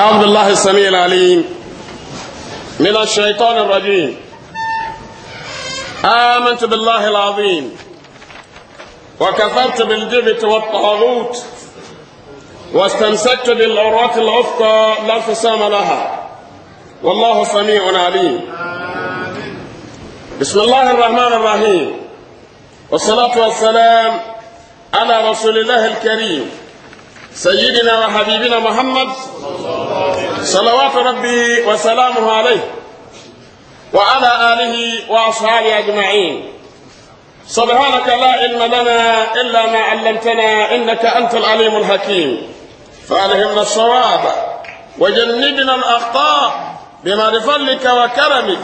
أعوذ بالله السميع العليم من الشيطان الرجيم آمنت بالله العظيم وكفرت بالجبت والطاغوت واستمسكت بالعروة العفقى لا انفصام لها والله سميع عليم بسم الله الرحمن الرحيم والصلاة والسلام على رسول الله الكريم سيدنا وحبيبنا محمد صلوات ربي وسلامه عليه وعلى آله وأصحابه أجمعين سبحانك لا علم لنا إلا ما علمتنا إنك أنت العليم الحكيم فألهمنا الصواب وجنبنا الأخطاء بما لفضلك وكرمك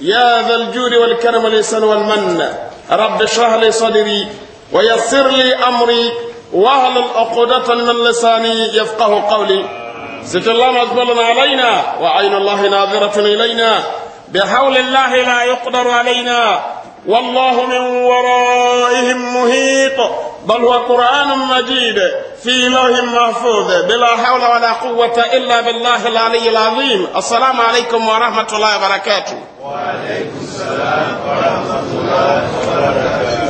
يا ذا الجود والكرم والإحسان والمن رب اشرح لي صدري ويسر لي أمري وهل العقدة من لساني يفقه قولي ست الله مجبل علينا وعين الله ناظرة إلينا بحول الله لا يقدر علينا والله من ورائهم مهيط بل هو قرآن مجيد في لوح محفوظ بلا حول ولا قوة إلا بالله العلي العظيم السلام عليكم ورحمة الله وبركاته وعليكم السلام ورحمة الله وبركاته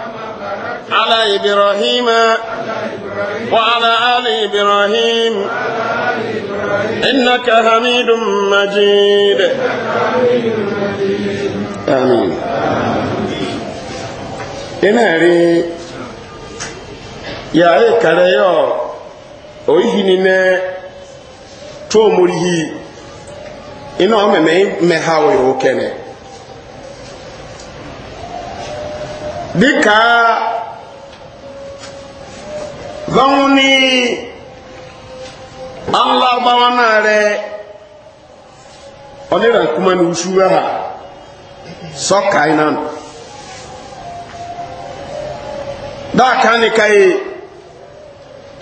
على إبراهيم وعلى آل إبراهيم إنك حميد مجيد آمين ina ri yare kare yo oyihi ni ne to murihi ina o meme me ha o yo kene dika báwọn ní alárúbáwá náà rẹ ọ̀nẹ́rànkúmọ́ ní oṣù rẹ̀ hà sọ́kà iná nù dáàkà nìkàyè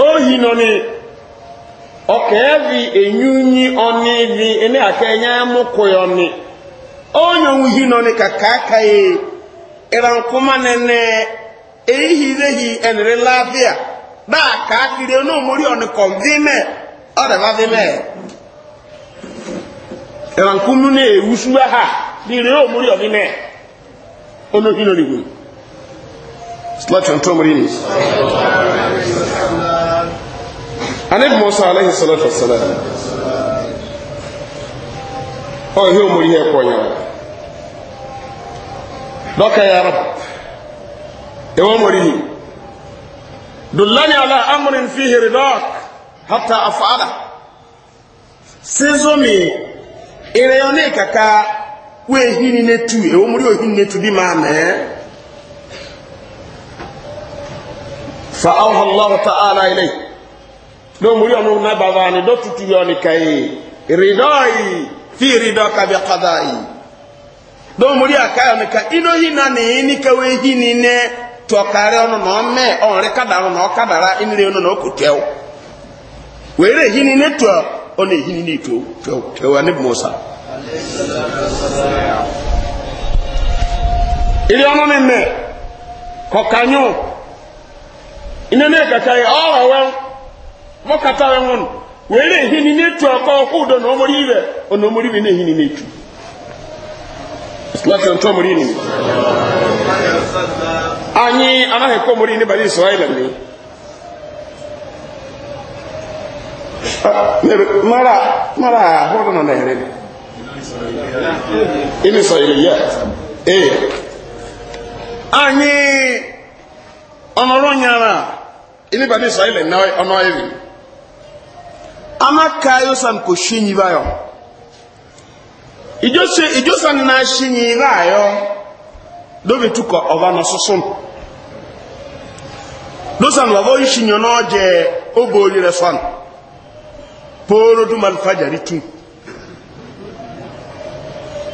ohi nọ ní ọkà ẹ̀rì ènyúnyí ọ̀nà ìlú ẹni àkà ẹ̀yà ya yọ onye ohi nọ ní kàkàkàyè ìrànkúmọ́ nẹ́nẹ́ na hìrẹ́hì dáa ka onóòmórí ọ̀nìkọ̀ vímẹ̀ ọ̀dẹ̀bá vímẹ̀ ẹ̀rànkúnú ní èwú súwá ha ní ilé Onye ọ̀vímẹ̀ onóhìnà nìgbò slọ́tún tó mórí ni anib musa alayhi salatu wa salam ọ̀hìn ya ẹ̀kọ́ yẹn ya yàrá Ewe mórí دلني على أمر فيه رضاك حتى أفعله سيزومي إليوني كاكا ويهيني نتو يومري ويهيني نتو دي معنى فأوهى الله تعالى إليه لو مري أنو نبضاني دو تتويوني كاي رضاي في رضاك بقضائي لو مري أكايوني كا إنو هنا نيني كويهيني نتو tọkari ọnụ na ọmị ọrị kadara na ọkadara ịnịrị ọnụ na okutew were ọ na-ehini n'etu tew ya ịrị ọnụ n'ime kọkanyụ ịnene kaka ya ọ wa wẹn mọkata wẹn wọn were ehini n'etu ọkọ na ọmọrị ibe ọ na ọmọrị na láti ọ̀tọ́ mọ̀rí ni anyi anáhẹ̀kọ́ mọ̀rí ní bàrí israẹ̀lì ni mara mara ahọ́rọ̀ nọ nẹ̀rẹ̀ inú israẹ̀lì yẹ ee anyi ọ̀nọ̀rọ̀ nyara inú bàrí israẹ̀lì náà ọ̀nọ̀ ẹ̀rì anaka yosan kò ṣí yí báyọ̀ ijose ijosa nina shinyi rayo dobi tuko ovano susun dosan wavo shinyo noje obori resan poro du malfajari tu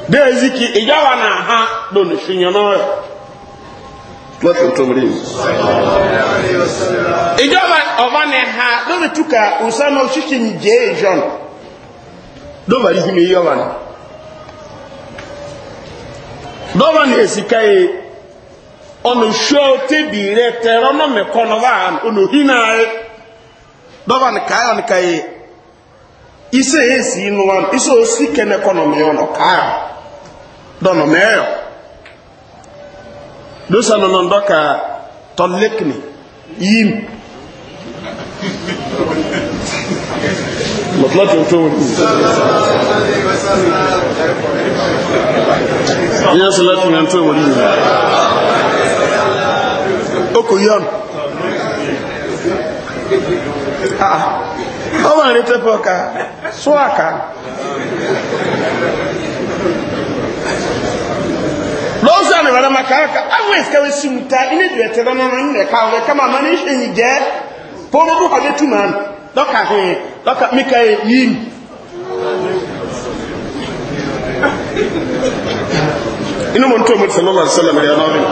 deziki ijawa na ha don shinyo noyo lọ́tún tó rí ìjọba ọba ni ha lórí túkà òsánà òṣìṣẹ́ ìjẹ́ ìjọ́nà lóbàrí fi mi yọ́wà náà dɔba na esika yi ɔno nsuo tebi rɛ tɛrɛ ɔno mɛkɔ no ba ano ɔno hina yi dɔba na kaa ano ka yi ise esi nuwa no ise osi kɛnɛ kɔ no mɛyɔ no kaa dɔno mɛyɔ dosa nono dɔka tɔlekini ìyẹn sọ láti yàn tó ìwòlì yìí ó kò yọ ọ wà ní tẹ́pọ̀ ọ̀ka sọ àká lọ́sọ̀ àmì wàdà màkà ọ̀ka àwọn ìsìkàwé sí mu ta ilé ìdìrẹ̀ tẹ́lẹ̀ náà nínú ẹ̀ka ọ̀rẹ́ kama àmà ní ṣe yìí jẹ́ pọ́n ọdún ọdún túmọ̀ lọ́kà hìn lọ́kà mìkà yìí inú mọ̀ tó mọ̀ sọlọ́lá sọlọ́lá rẹ̀ ọ̀nà rẹ̀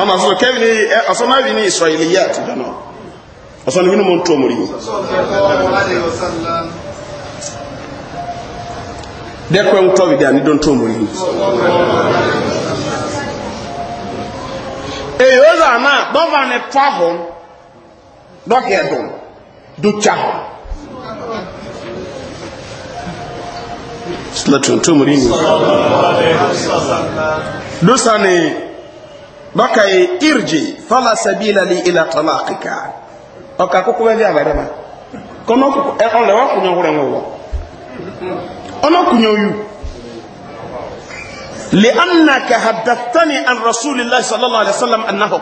ọmọ àṣọ kẹ́vìn ọ̀sọ́nà rí ní ìsọ̀rẹ̀lẹ̀ yá àti dáná ọ̀sọ́nà inú mọ̀ tó mọ̀ rí dẹ́kọ̀ ń tọ́ ìdí ànídọ́ tó mọ̀ rí èyí ó zà náà dọ́fà ní pàhùn dọ́kẹ̀ẹ́dùn dúchà slatun tó mú rí ni lọ́sà e, ni bákà yìí irji fọ́lá sẹ́bí ìlàlí ìlà tọ́lá àkíkà ọkà kókó bẹ́ẹ̀ bí àbàdà ma kọ́nà ọ̀rẹ́ wà kùnyàn wúrẹ̀ wọ̀ ọ̀nà kùnyàn yù لأنك حدثتني عن رسول الله صلى الله عليه وسلم أنه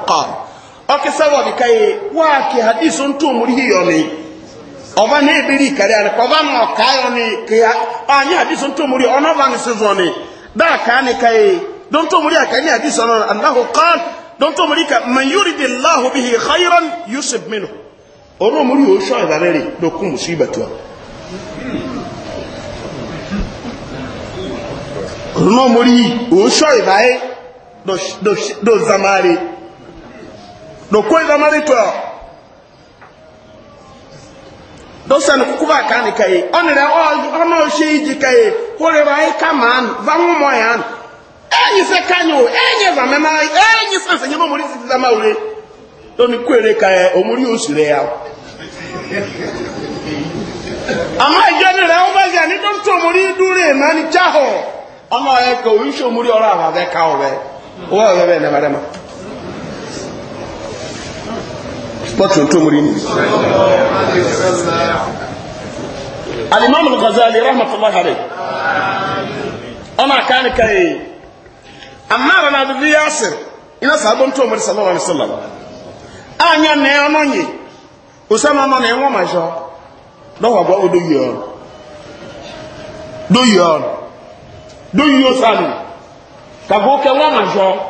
ọba na ebiri ikari ari ọba ma ọka ayọ ni kea anyị adịsọ ntomori ọnọba nsịzọ ni daa ka anyị ka ye dontomori aka anyị adịsọ nọ anahụ kan dontomori ka ma yuri di lahu bihi khayran yusuf minu ọrụ omori o sọ ìbàrẹ̀rẹ̀ lókun musu ibatuwa ọrụ omori sọ ìbàrẹ̀ lọ zamari lọ kó dosan kuba kani kai onire oh, ono shi ji kai hore bai kaman ka moyan enyi se kanyo enyi va mema enyi se se nyimo muri sitiza maure do mi kwere kai ya ama re o baje ni don to muri na ni chaho ama e ko wi sho ka o bọ́tún tó múrí ní alimami ghazali rahmatullahi alayhi ọmọ akáni kai amara na bibi yasir ina sabon tó múrí sallallahu alaihi wasallam anya na ya ọnọ nyi osama ma na ẹwọn ma ṣọ lọwọ bọ odo yi ọrọ do yi ọrọ do yi ọsàlù kàgbó kẹwọn ma ṣọ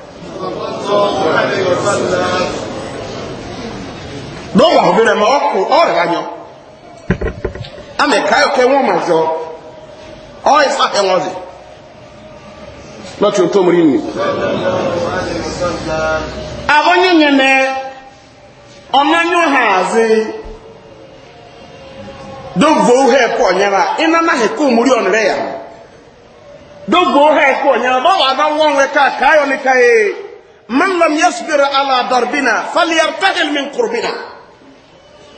n'oge ahụ bere ma ọkụ ọrịa anyọ ama ka ya oke nwa ma zọ ọ ịsa enwọzi lọtụ ntomori nni abonye nyene ọnanya hazi dogbo uhe pọ nyara ịna na hekọ omori ọnụre ya dogbo uhe pọ nyara dọwa adọwa onwe ka ka ayọ nịka ee من لم يصبر على ضربنا فليرتحل من قربنا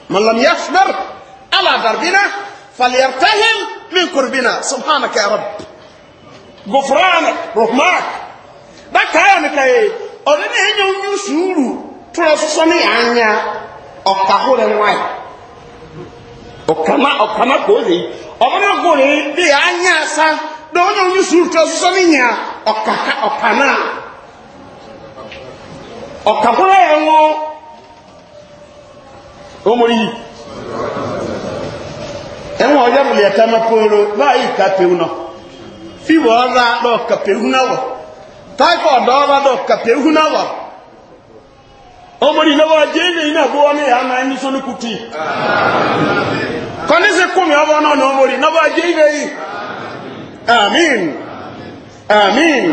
من لم يصبر على ضربنا فليرتحل من قربنا سبحانك يا رب غفرانك رحمك ده كان كاي اوريني هنيو نيو سورو ترسوني انيا اوكاهورن واي okama okama kozi ọmọdé gòlè bí i anya asa dọ́wọ́n yóò yí sùúrù tó ọ̀kàkúrẹ́ ẹ̀ wọ́n ó mọ̀rí ẹ̀wọ̀n ọjọ́ mọ̀lẹ̀ ẹ̀ta mẹ́kọ̀ọ́rọ̀ báyìí kàpẹ̀wù náà fíwọ̀ ọ̀rá lọ kàpẹ̀wù náà wọ̀ typhoid ọ̀rá lọ kàpẹ̀wù náà wọ̀ ó mọ̀rí lọ́wọ́ jẹ́ ilé iná bó wọn ní àná ẹni sọ́nù kùtì kọ́ni sí kùmí ọ̀bọ náà ní ó mọ̀rí lọ́wọ́ jẹ́ ilé yìí amin amin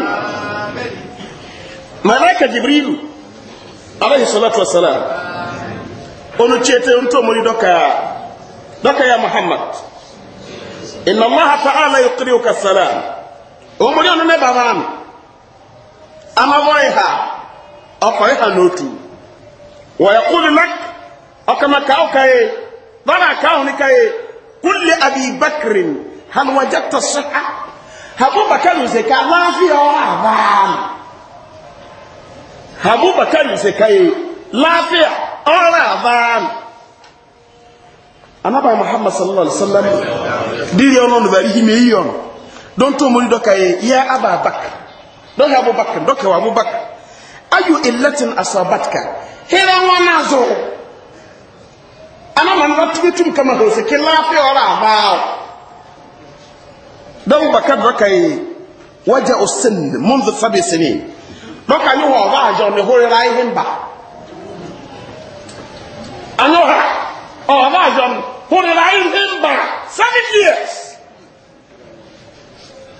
malaika jibrilu alayhi salatu wassalam onu chete onto mori doka doka ya muhammad inna allaha ta'ala yuqri'uka salam o mori onu ne baba mi ama boy ha oko ha notu wa yaqulu lak akama ka okaye bana ka onikaye kulli abi bakr hal wajadta as-sihha habu bakr zaka lafiya wa abam abubakar sai kai lafiya ora ban anaba muhammad sallallahu alaihi wasallam diri ono no bari hime yon don to muri doka ye ya ababak don abubakar doka wa abubakar ayu illatin asabatka hira wana zo ana man watu tum kama do se lafiya ora ban don bakar doka ye waja usin منذ سبع سنين dɔka yi hɔ ɔba adzɔ ne ho rira ihe mba anyɔ ha ɔba adzɔ ne ho rira ihe mba seven years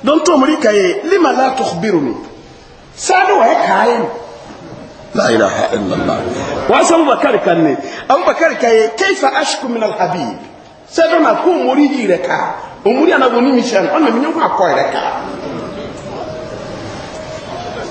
dɔntɔ mu rika ye lima la tɔ biro mi sani wɔ ɛka ye la ilaha illallah wa sabu bakari kan ne abu bakari ye keifa ashiku min alhabib sɛdɔ na ko mori yi yɛrɛ ka o mori anabo ni mi sɛ ɔn mi nyɛ ko akɔ yɛrɛ ka.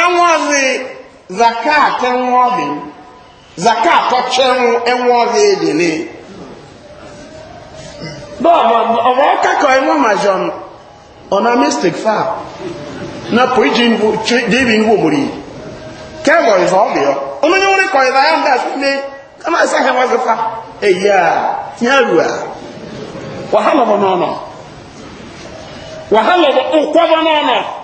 enwozi zakat enwobi zakat ọchenwu enwozi edele ọba ka enwo majon ọna mistake fa na po iji david nwo mori kẹwọ ìzọ ọbịọ onye nwere kọ ìzọ ya ndị asị mme kama ịsa ha nwa gịfa eyi a tinye arụ a wahala bụ n'ọnọ wahala bụ n'ọnọ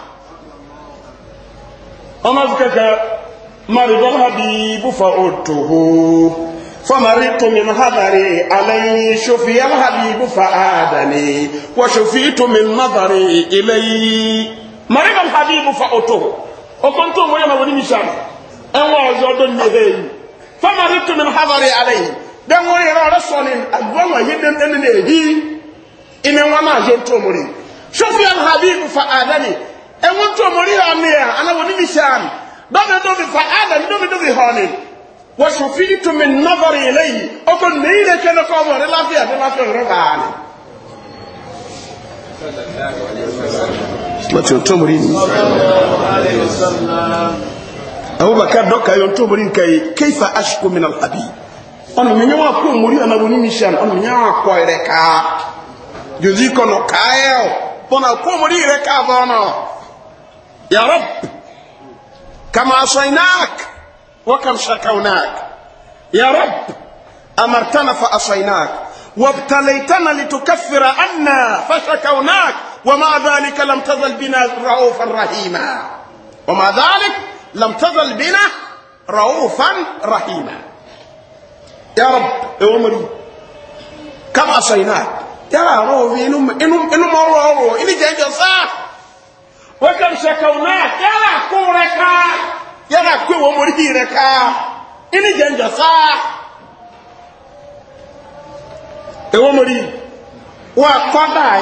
ọmọdékẹkẹ maridọ́n habibu fa otoho famari tumin hadari alayi sofiyan habibu fa adani wa shofi tumin nadari ilayi maridọ́n habibu fa otoho ọkọ o mọ yẹn wọn ni sàn ẹwọn ọjọ ọdọ ní ẹhẹ famari tumin hadari alayi dẹ́wọ́n yẹn ọ̀rẹ́ sọ̀ni àgbọ̀n wọn yé dẹ́ndẹ́ni ní èyí ìnáwó máa yẹ tó mọ rẹ habibu fa adani. ɛnwo tó mori hɔ mi a ana wɔ ne mi hyɛ ano dɔmi dɔmi fa adam dɔmi dɔmi hɔ ne wɔsɔ fili tó mi nɔfɔri yɛlɛ yi ɔkɔ neyi de twɛ ne kɔ mɔ ne lafiya ne lafiya ɔrɔ baa ne. Mati otomori ni. Abubakar dɔka yi otomori nka yi keifa ashiko min alhabi. Ɔnu mi nyɛwa kó mori ana wɔ ne mi hyɛ ano ɔnu mi nyɛwa kɔ yɛrɛ kaa. Jozi kɔnɔ kaa yɛ o. Bɔnna kó mori yɛrɛ kaa bɔnna. يا رب كما عصيناك وكم شكوناك يا رب أمرتنا فأصيناك وابتليتنا لتكفر عنا فشكوناك ومع ذلك لم تزل بنا رؤوفا رحيما ومع ذلك لم تزل بنا رؤوفا رحيما يا رب عمري كم عصيناك يا رب انهم انم انم انم انم انم انم wọ́n ṣẹ̀kọ̀ náà yára kó rẹ̀ ká yára kó ìwọ̀n mọ̀rí rẹ̀ ká inú jẹ́njọ sáà ìwọ̀n mọ̀rí wọ́n kọ́ dáa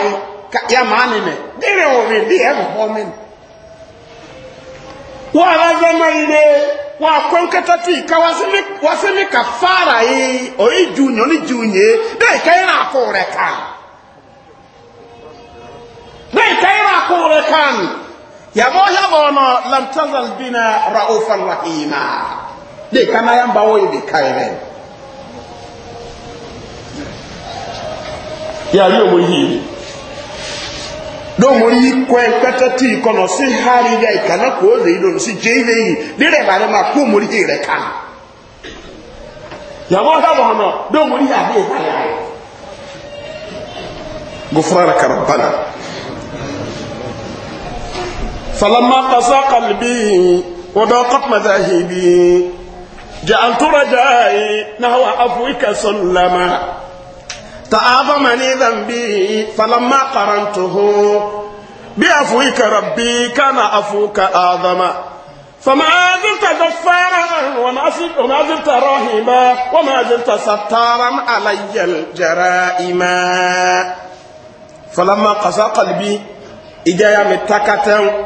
ya máa ní mẹ́ dírẹ̀ wọ̀n mi dí ẹ̀rù họ́ mi wọ́n alájọ́ máa ń lé wọ́n akọ́ nkẹta tí ìka wá sí ní ka fara yìí e. òyìn ju ní òní ju yìí bẹ́ẹ̀ ìka yẹn náà kó rẹ̀ ká ya mo ya mo no lam tazal bina raufan rahima de kana ya mbawo de kaire ya yo mo yi do mo yi ko en patati ko no si hari de kana ko de do si je ile yi de re bare ma ko mo yi re kan ya mo ya mo no do mo yi ya de kaire gufranaka rabbana فلما قسى قلبي وضاقت مذاهبي جعلت رجائي نهو عفوك سلما تعاظمني ذنبي فلما قرنته بعفوك ربي كان عفوك اعظم فما زلت غفارا وما زلت راهما وما زلت ستارا علي الجرائم فلما قسى قلبي إجايا متكتا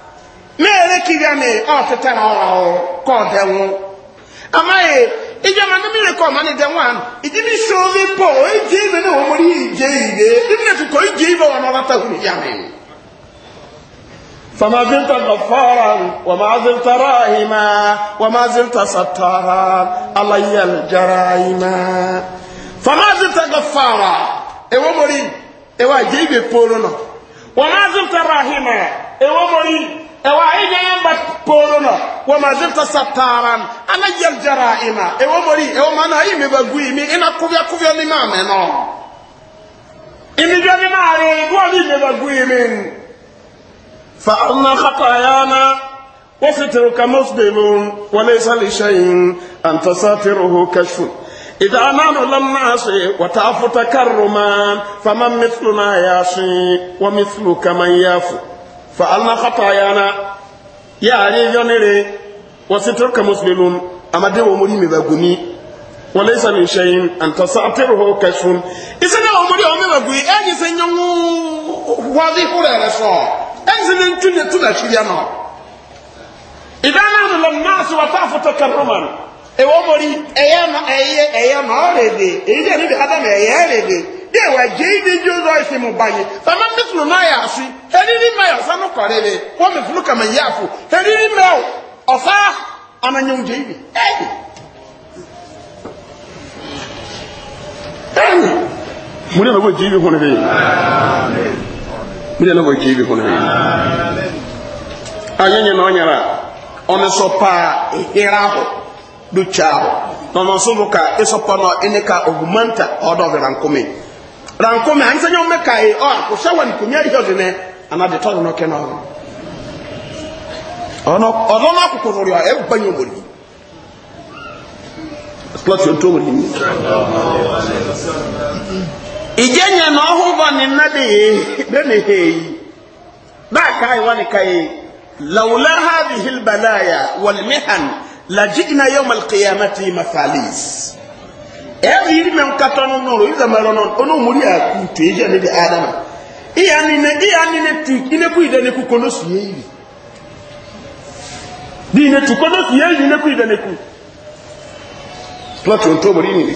na-erekiri ya na ọtịta na ọrụ ahụ ka ọ amaghị ije ma ndị na-ede nwa ijiri isi ozi pọ ije ibe na omori ije ịdị ndị nkuko ije ibe ọ ya mere فما زلت غفارا ẹwà ayé yẹn bá polo nọ wọ́n ma zil ta satara ana yẹl jara ima ẹwọ́ mori ẹwọ́ ma na ayé mi bá gu yi mi ina kúbíà kúbíà ni máa mẹ́ nọ. ìnijọ́ ni máa rí wọ́n ní mi bá gu yi mi. fa ọ̀nà kàtà yá na wọ́n fi tẹ̀rù ka mọ́sídẹ̀ẹ́mù wọlé sálì sẹ́yìn àǹtọ́sá tẹ̀rù hó kẹ́sù. إذا نحن لم نعصي وتعفو تكرما فمن مثلنا يعصي ومثلك من يعفو فعلنا خطايانا يا علي يونري وسترك مسلم أما دي ومريم بغني وليس من شيء أن تسعتره كشف إذن أمري أمي بغني أي سنين واضي قرى رسول أي سنين تنة تنة شريانا إذا نعمل الناس وتعفو تكرما أمري أيام أيام أيام أيام أيام أيام أيام أيام أيام dé wà jẹ́ ibi ju ọ̀rọ̀ ìfẹ́ mu báyìí sàmà mísìlù náà yà sí ẹ̀rírí mẹ́yà sánú kọ̀rẹ́ rẹ̀ wọ́n mi fúlù kàmá yà fún ẹ̀rírí mẹ́yà ọ̀fà ànànyẹ̀wò jẹ́ ibi ẹ̀yìn. ẹ̀yìn mo ní ọ̀nà wọ́n jẹ́ ibi hún mi mo ní ọ̀nà wọ́n jẹ́ ibi hún mi. anyịnya na ọnyara ọnụ sọpa ehere ahụ ducha ahụ nọ n'ọsọ bụ ka ịsọpa e nọ ịnị e ka ogumanta ọdọ ọbịara nkume rankome ansa nyɛ ɔmɛ kae ɔ akɔhyɛ wɔ nkonya yɛ de ne anade tɔ no no kɛ no ɔno ɔno no akokorori a ɛba nyɛ ɔmɔ ni splot yɛ ntɔmɔ ni ìjẹ́ nyɛ na ɔho bɔ ne nna de yɛ bɛ ne hɛ yi bá kae wɔ ne kae lawla hadhihi albalaya walmihan lajina yawm alqiyamati mafalis ɛyɛ yiri mɛ nkata no nɔrɔ yi zama lɔ nɔrɔ ɔno mori aku tu eyi ne de adama iya ni ne iya ni ne tu ne ku yi de ne ku kono su ye yiri bi ne tu kono su ye yiri ne ku yi de ne ku tila tu nto mori ni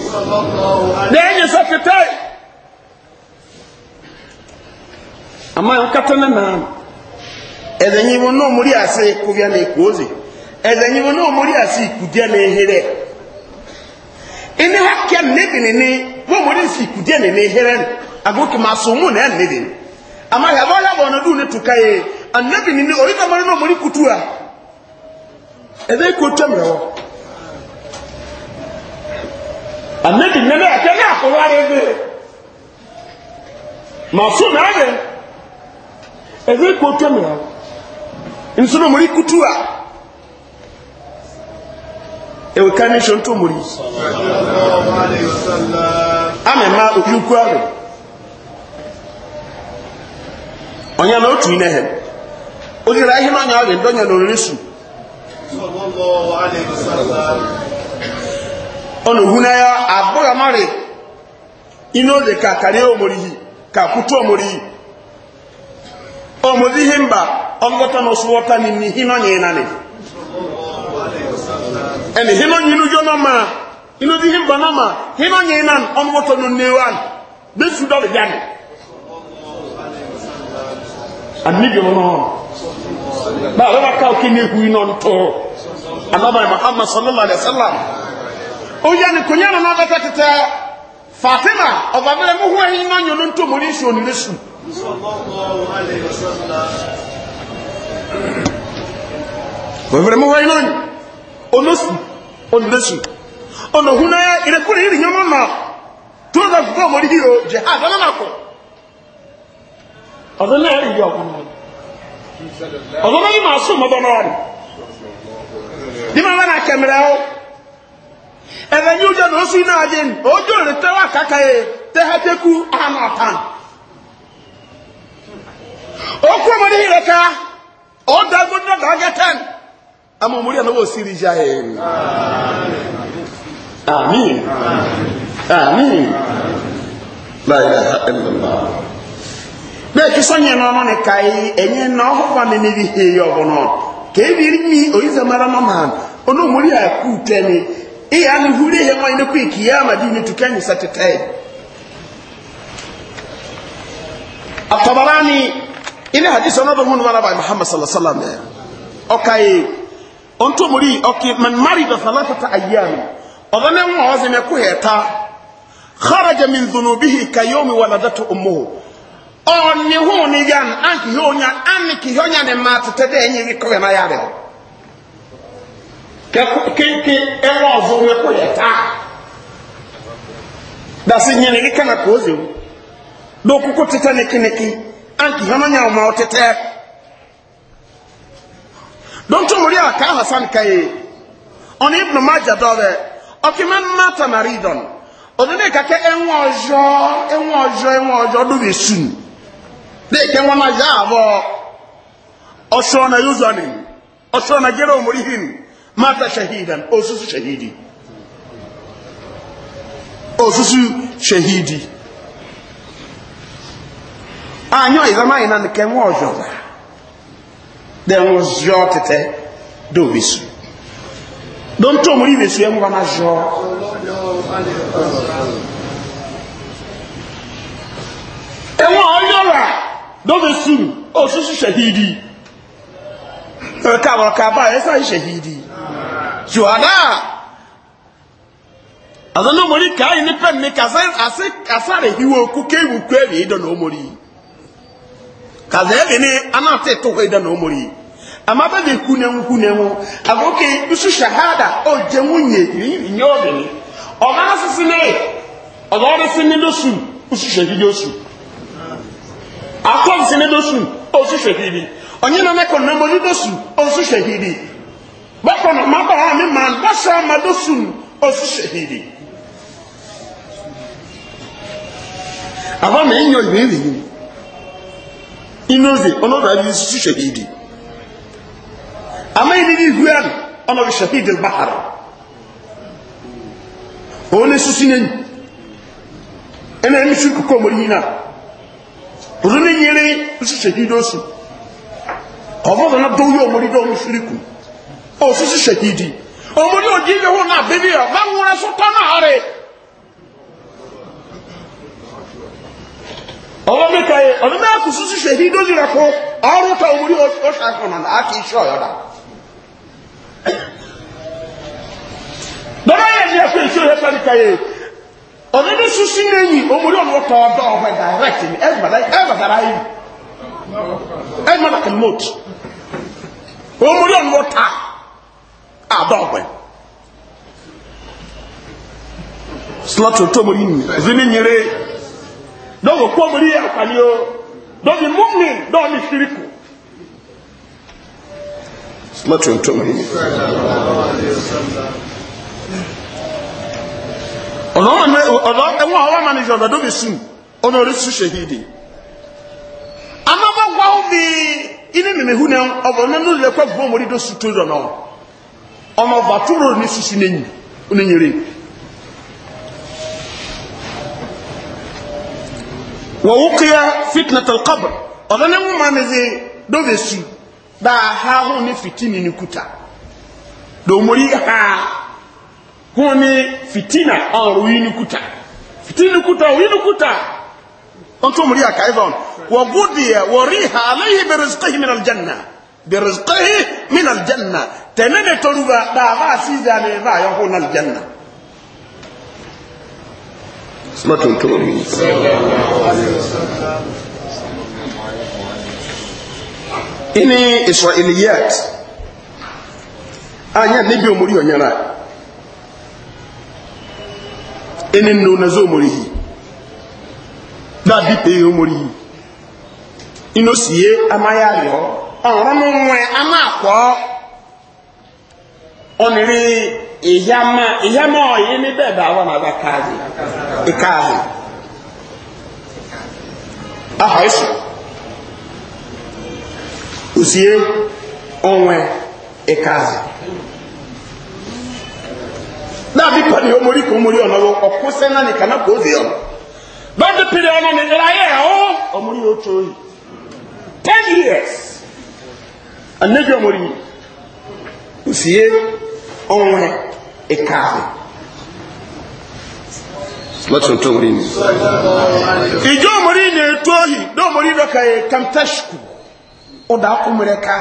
ama nkata ne na ɛdɛ nyi mo no mori ase kovia ne ku oze ɛdɛ nyi mo no mori ini hakia nebi nini wọn mo ni si kudie nini heren agoke ma so mu na nebi ama ya ba ya ba na du ne tuka ye anebi nini ori na mari na mo ni kutu a ebe ko twam rewo anebi nene ya ke na ko wa re be ma so na re ebe ko twam rewo nso na mo ni kutu a ewe ka ní ṣontó mori amẹ̀má òbí na otu inẹ̀hẹ̀ ojúra ihe n'ọnyà ọrịa ndọnyà n'oriri su ọnà na ya abụghị amarị inu oge ka karịa omorihi ka kwutu omorihi omori ihe mba ọgọta n'ọsụ wọta n'ime ihe n'ọnyà ịnanị ɛni hinɔ nyinu jɔ nɔma hinɔ di himba nɔma hinɔ nyinan ɔnubɔtɔ nu newan besu dɔli yanni anigye wɔn hɔ baa bɛba kaw kini ehu yi nɔntɔ anaba muhammad sallallahu alaihi wa sallam oyanni oh, konya nana bɛtɛ tete fatima ɔbɛbɛrɛ mu hu ɛhin nɔ nyinu ntomori nsu onire su. Wọ́n fẹ́rẹ̀ mú wáyé náà onosu onosu ono huna ya ile kule hili nyama na tuza kutoa na hiyo ọkụ ana nako na ya hiyo kuna adana ni maasum adana wali dima wana ebe ụjọ na osu ina ajin ojo le kakaye tehateku ana tan okwu mwali ka na ama omuli anoba osirija eno amin amin la ilaha illallah bekisonye nono ne kai enye nohobane nebiheyo bono kebirimi oyizamara mamana ono omuli akutene iyani hulehe mwaine kwikiyama dini tukanyisa tetaye atabarani ile hadisi onobo hunu maraba muhammad sallallahu alaihi wasallam okaye onto muri okay man marida thalathata ayyam odane mo wazi ne kuheta kharaja min dhunubihi ka yawmi waladatu ummuhu on ni hu ni gan an ki honya an ki honya ne ma tete de nyi ko na yare ke ke ke e wa zo ne kuheta da si nyi ne kana ko zo do ku ko tete ne kineki an ki honya ma otete don to muri aka hasan kai on ibn majah dove okiman mata maridon odune ka ke enwo ojo enwo ojo enwo ojo do be sun de ke won ma ja avo osho na yuzani osho na gero muri hin mata shahidan osusu shahidi osusu shahidi anyo izama ina ke enwo ojo ba then wọ́n zọ́ tẹ́tẹ́ dé òwe sùn don tó omori ìwé sùn ẹ̀ ń wọn azọ́. ẹ̀wọ̀n ọ̀yọ́ra dóbe sùn òṣùṣù ṣẹ̀hídì ẹ̀ka àwọn kaba ẹ̀ sáà ṣẹ̀hídì jùwádà àtọ́nà omori kàá yìí ní pẹ́ẹ́nì kàsáré ìwé òkú kéwù kú ẹ̀rí ìdọ̀nà omori yìí. Kazi ebe anaate to hɔ yi da na ɔmori ama bɛ de kunɛmu kunɛmu agoke nsu shahada o jɛmu nye nye ɔbi ni ɔbaa sisi ne ɔbaa sisi ne do su nsu shahidi o su akɔ sisi ne do su o su shahidi ɔnyina ne kɔ nɛmɔli do su o shahidi bɛkɔ na ma bɔ hɔ ma bɛsɛ ɔma dosu su o su shahidi abɔ enyo yi yi yi. inoze ọlọ́run àbí sísú ṣèhìdì àmọ́ ìdí ní ìhú ẹ̀rù ọlọ́run ṣèhìdì báhàrà òun ní sísú nẹ́yìn ẹnà ẹni sí kókó mọ̀ yìí na òun ní yẹrẹ sísú ṣèhìdì oṣù ọ̀fọ́dọ̀ náà dọ́wọ́ ọmọ dídọ́ ọmọ ṣíríkù ọba mẹka yẹ ọdún mẹ akusu sísè ní dozi rẹ kó ọrùn ká òmùrí ọṣù akọ̀nà náà kì í ṣe ọ̀yọ́ dà. bẹ́ẹ̀ yẹn ní ẹ̀fọ́ ìṣó yẹn fẹ́ẹ́ ká yẹ ọdún ní sísè lẹ́yìn ọ̀nà ọ̀tọ̀ ọ̀dọ̀ ọ̀fẹ́ direct ni ẹ̀ ẹ̀ ọ̀nà ọ̀tà ọ̀fẹ́. slọ́tù tó yìí dɔwɔ kɔmri yɛ kpani o dɔwɔ mɔmi dɔwɔ ni siriku. suma tuntum yi. ɔnɔwɔ mɛ ɔnɔ ɛwɔ awɔ ma ni zɔlɔ dɔwɔ sun ɔnɔ ori su sehidi. anaba gbawo bi ini na hu nɛ ɔbɔ nanu lɛ kɔ gbɔmori do su to baturo ni sisi ne ne ووقي فتنة القبر أظن ما نزي دوزي دا ها هوني فتنة نكوتا دو مري ها هوني فتنة أروي نكوتا فتنة نكوتا وي نكوتا أنتو مري أكايفون وغودي وريها عليه برزقه من الجنة برزقه من الجنة تنبي تلوبا دا غاسي ذا لذا يهون الجنة símọ́tò tó rí ini israeliyat anya níbi omori ọ̀nyára ini nnu na zo omori yìí dábí pé omori yìí ino siye yé amáyá yọ ọ̀rọ̀ ihe ihama ihama ọyị ni bẹẹ bá awa àgbà káàdì ìkáàdì aha ẹsọ òsìé ọnwẹ ìkáàdì dàbí pàdé omori kò omori ọ̀nà wọ ọ̀kú sẹ́nà nìkan náà kò ó di ọ̀ bẹ́ẹ̀ pèrè ọ̀nà nìkan ayé omori yóò ten years omori onwe ịkahụ ije omori na-etu ohi na omori dọka ya e kamtashku ụda akwụ mere ka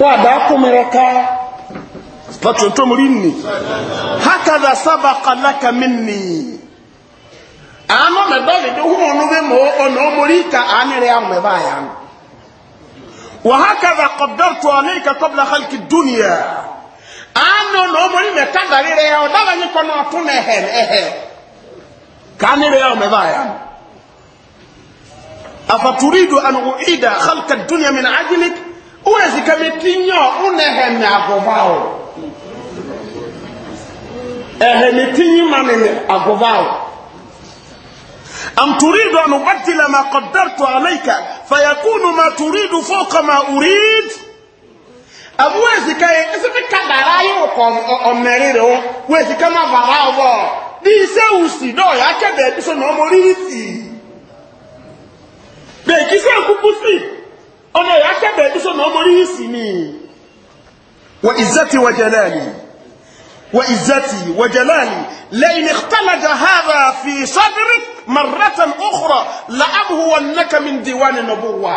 wada akwụ mere ka Spatron tomori nni hakada sabaka laka minni anọ na David hụ ọnụ be ma ọ na omori ka anyịrị ya mgbe ba ya nọ وهكذا قدرت عليك قبل خلق الدنيا ano na omori me kadari re ya odaba ni kono otu na ehe ehe kani re ya omeba ya afaturidu an uida khalqa ad-dunya min ajlik uwezi kametinyo unehe me agobao ehe metinyi manene agobao أم تريد أن أبدل ما قدرت عليك فيكون ما تريد فوق ما أريد أبوازي كاي إسفي كدراي أمريرو وازي كما فراغو دي سيوسي دو يا كده بسو نوموريسي بيكي سيوكوكوسي أنا يا كده بسو نوموريسي ني وإزتي وجلالي وإزتي وجلالي لئن اختلج هذا في صدرك مرة أخرى لأمهونك من ديوان النبوة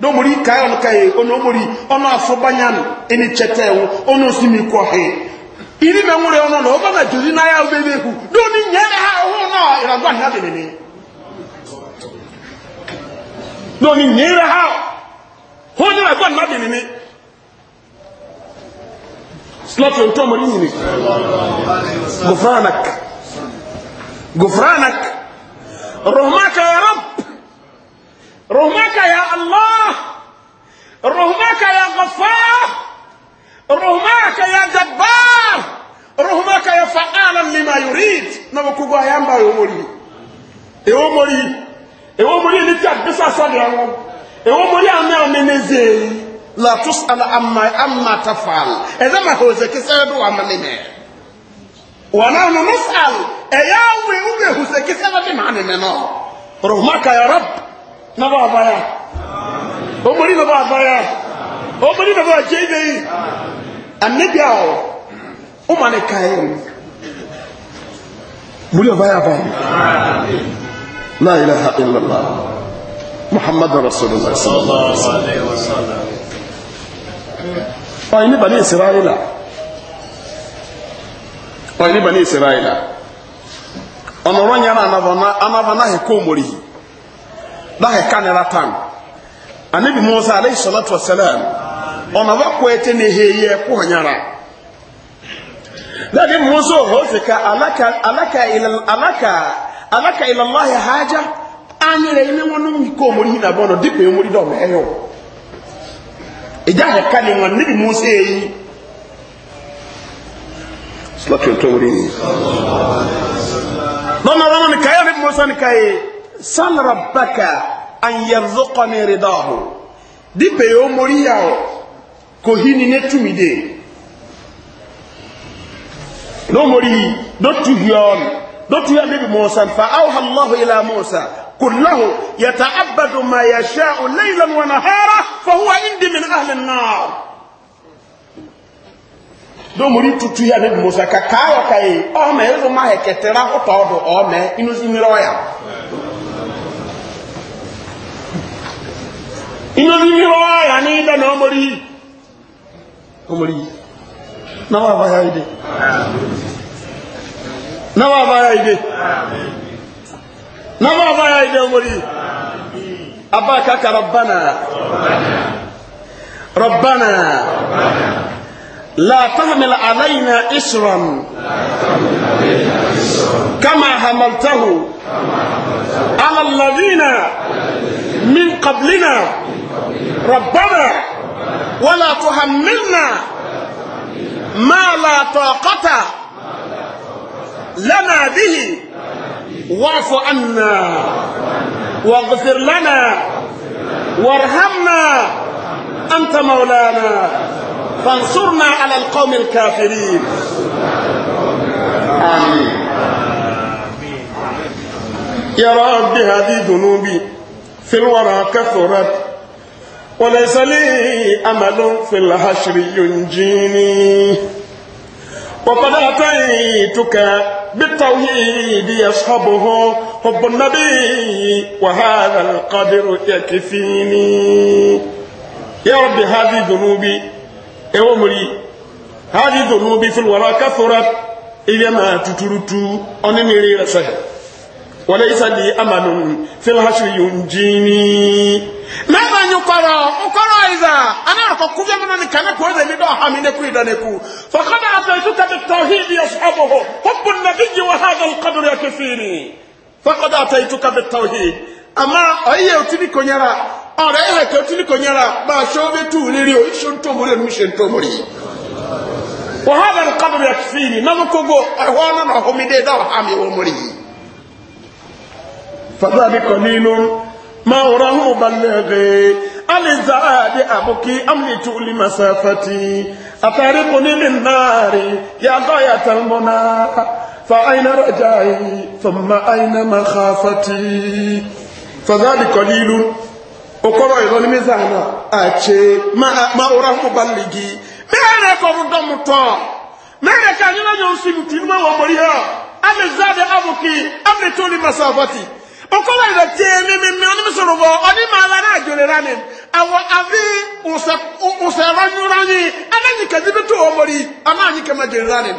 domori kayo no kaye ono omori ono asobanyan eni chetewo ono simi kwahe iri me nwure ono no na jodi na ya obebe ku do ni nyere ha ho no iragwa ha de ni do ni nyere ha ho ni na de ni slot on to ni gufranak gufranak رحمك يا رب رحمك يا الله رحمك يا غفار رحمك يا جبار رحمك يا فعالا لما يريد نبكوا يا امبا يومري يومري يومري لتكبس صدره يومري انا امنزي لا تسأل عما عما تفعل إذا ما هو زكي سيدو عملنا ونحن نسأل ɛyɛ awe wobɛ hu sɛ kisɛ na de maame me no rohmaka ya rab na ba aba ya omori na ba aba ya omori na ba agye ibe yi anabi a ɔ woma ne kae mu muri aba ya aba ya la ilaha illallah muhammad rasulullah sallallahu alaihi wasallam ɔyɛ ne bani israila ɔyɛ ne bani israila ọnọrọ nyere anaba naghị ka omorihi naghị ka nira tan anabi musa alayhi salatu wa salam ọnọba kwete na ihe ihe kwụ nyara nabi musa ọhụrụ sị ka alaka alaka alaka alaka ila allahi haja na ime nwanne m iko omorihi na bọnọ dịka emori dọm ehe ịjaghị ka na nwa nabi musa eyi Slatu to nwere ne. لما رمى نكاي موسى نكاي سال ربك أن يرزقني رضاه دي بيو مريا كوهيني نتومي دي مري موسى فأوحى الله إلى موسى كله يتعبد ما يشاء ليلا ونهارا فهو عندي من أهل النار domori tutu ya ne musa ka ka kai o me zo ma he ketera ko to do o me inu zimiro ya inu zimiro ya ni da no mori omori na wa ba ya ide na wa ba ya ide na wa ba ya ide omori abaka ka rabbana rabbana rabbana لا تحمل علينا إسرا كما حملته على الذين من قبلنا ربنا ولا تحملنا ما لا طاقة لنا به واعف عنا واغفر لنا وارحمنا أنت مولانا فانصرنا على القوم الكافرين آمين يا رب هذه ذنوبي في الورى كثرت وليس لي أمل في الحشر ينجيني وقد أتيتك بالتوحيد يصحبه حب النبي وهذا القدر يكفيني يا رب هذه ذنوبي ẹwọ́ mọ̀rí hajji dùnú bí fúlùwọ́rọ̀ káfọ́rọ̀ ilé máa tuturutu ọ́nínìrí rẹ̀ sẹ́yìn wọ́n lè sàdí amànù fílhásù yóò jí ní. mẹ́ta ń kọ́rọ̀ ọkọ́rọ̀ ìzà anárùkọ kú fẹ́mi náà ní kànáà kó ẹ̀rẹ́ mi dọ̀ ha mi nẹ́kú ìdáná kú. fọkànlá àtẹ̀jú kàtẹ́ tọ́hí bí ẹ̀sùn àbọ̀họ̀ ama ɔyɛ otumi konyara ɔrɛ yɛ hɛkɛ otumi konyara maa sɛ ɔbɛ tu riri o isu ntomori enu se ntomori wàhálà ní kábíyà fìyìn náà mo kogo ɛhɔ ɔno na ɔhomi de da ɔha mi wɔ mori yi fasa mi kɔ nínú ma wòrán hó balẹ̀gẹ̀ aliza adi abuki amuli tuuli masafati atari kuni mi naari yàtọ̀ yàtọ̀ mọ́nà fa aina rajayi fa ma aina makafati ma ma fàzáàdì kọlílù okọ́rọ̀ ìrọlímẹ́sà náà àṣẹ máa ọ̀rá fún balẹ̀gì mẹ́rẹ̀ kọ̀ọ̀rọ̀ dọ́mùtọ̀ mẹ́rẹ̀ ká ní lọ́yọ̀ oṣù tìlú mẹ́wọ̀ mọ̀rí hàn ámì záde ábùkì ámì tó ní masáfàtì okọ́rọ̀ ìrọ̀ tẹ́ mímímí onímísọ̀rọ̀ bọ̀ onímọ̀ ara náà jòlè rani àwọn àfi òsèrànyúranyí anáyíkàdí bí tó wọ́n mọ̀rí anáyíkàmá jòlè rani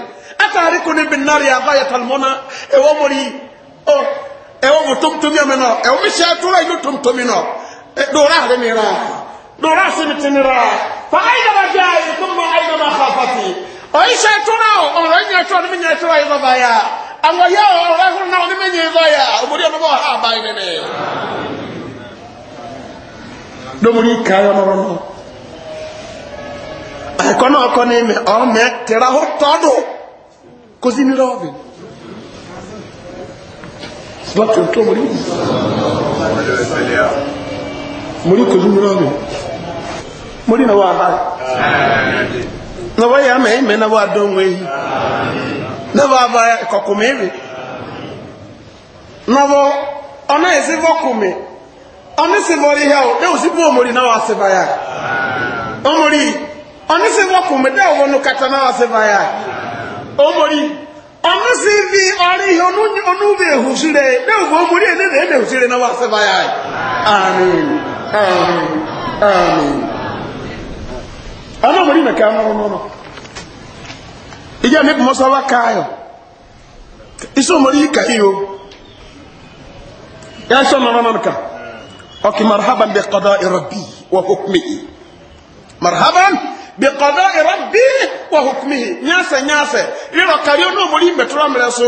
ɛwɔ mo tomtomi ɔmɛ nɔ ɛwɔ mi hyɛ tora yi no tomtomi nɔ e, dora ale mi ra dora ase mi ra fa ayi dama e, bi a yi ko mo ayi dama fa pati ɔyi hyɛ tora o ɔrɔ nyɛ tora ne mi nyɛ tora yi ba ya awɔ ya o ɔrɔ ɛhoro na ɔne mi nyɛ ba ya omori ɔmɛ bɔ ɔha ba yi e nene domori ka yɔ nɔrɔ nɔ ɛkɔ náà kɔ ne mɛ ɔmɛ tẹ̀ra hó tọ́ do kò sí mi láti ọ̀tọ́ mọ̀rí mọ̀rí kò zúmù náà mi mọ̀rí na wà báyìí na wà yà mẹ́ mẹ́ na wà dán wé yìí na wà bá kọ̀kọ̀ mẹ́rẹ̀ na wọ́ ọ̀nà ẹ̀sẹ̀ fọ́kù mi ọ̀nà ẹ̀sẹ̀ bọ́rí yà ó dẹ́ òsì bú òmòrì náà wà sí báyà òmòrì ọ̀nà ẹ̀sẹ̀ O mi dẹ́ òwò nù kàtà náà wà O báyà òmòrì ọ̀nà sí fi ọrí onúbì èhùsíre lẹ́wọ̀n mórí ẹ̀lẹ́lẹ́ èhùsíre náà wà sẹ́fàyà àmìn àmìn àmìn ọ̀nà mórí mẹ̀kẹ́ ọmọrọmọrọ ìjẹ́ nípa mọ́sọ́lá káyọ̀ iṣẹ́ mórí yíkà iyo yà ṣọ́ mọ́rọmọrọkà ọkì marhaban bẹ kọ́dọ̀ ìrọ̀bì wọ́n hókùnmí marhaban bikɔdɔ irabi wa hukumihi nyaasɛ nyaasɛ rírɔ kari ɔno omori metụrụ mmerɛ so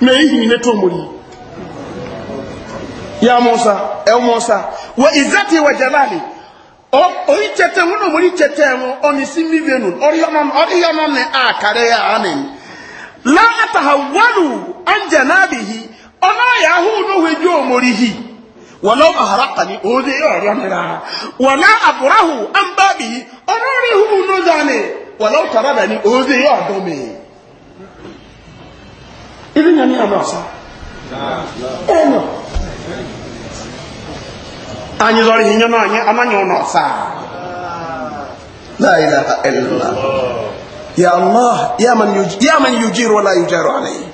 na eyi hinni ne to omori ya musa ɛw musa wa izati wa jalali ɔ oyi tɛtɛ ŋun omori tɛtɛ ŋun ɔni si mi bɛ nun ɔriyɔnɔ ɔriyɔnɔ ni a kari ya ani la ataha ọ anjanabihi ɔnɔ yahu n'ohu edu omori hi. wọlọ́ àhàràkàní òde ọ̀rọ̀ nira wọlá àbúráhù àǹbábì ọlọ́rẹ̀ ìhùmù lójàní wọlọ́ tàràbàní òde ọ̀dọ́ mi. ibi yẹn ní àná ọ̀sán ẹ nọ. anyị zọrọ ihe na anyị anaghị ụlọ ọsa la ilaha illallah ya allah ya man yujiru la yujiru alayhi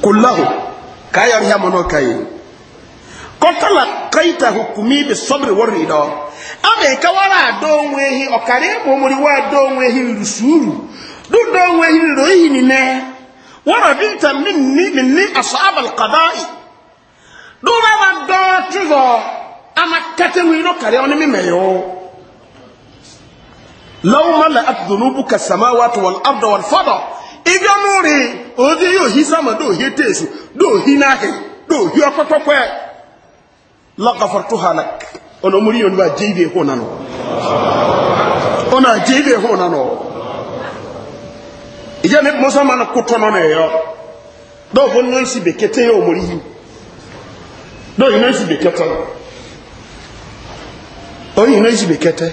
kullahu kayar ya mono kai kotala kaita hukumi bi sabri wori do abe ka wara do nwehi okare mo muri wa do nwehi rusuru du do nwehi rohi ni ne wara binta minni minni ashab al qada'i du wara do tigo ama katewi no kare oni memeyo لو ملأت ذنوبك السماوات والأرض والفضل ịbịa n'ụrị ozi ya ohi sama dohi tesu dohi n'ahị dohi ọkpọkpọkwe lọkọfartu ha na ọnà omori yóò níwájú ibi ehó nanọ ọnà àjẹ ibi ehó nanọ ìjẹ́ ní mọ́sá ya yọ dọ́ọ̀bù ní ìsì bèkété yóò omori yìí bekete.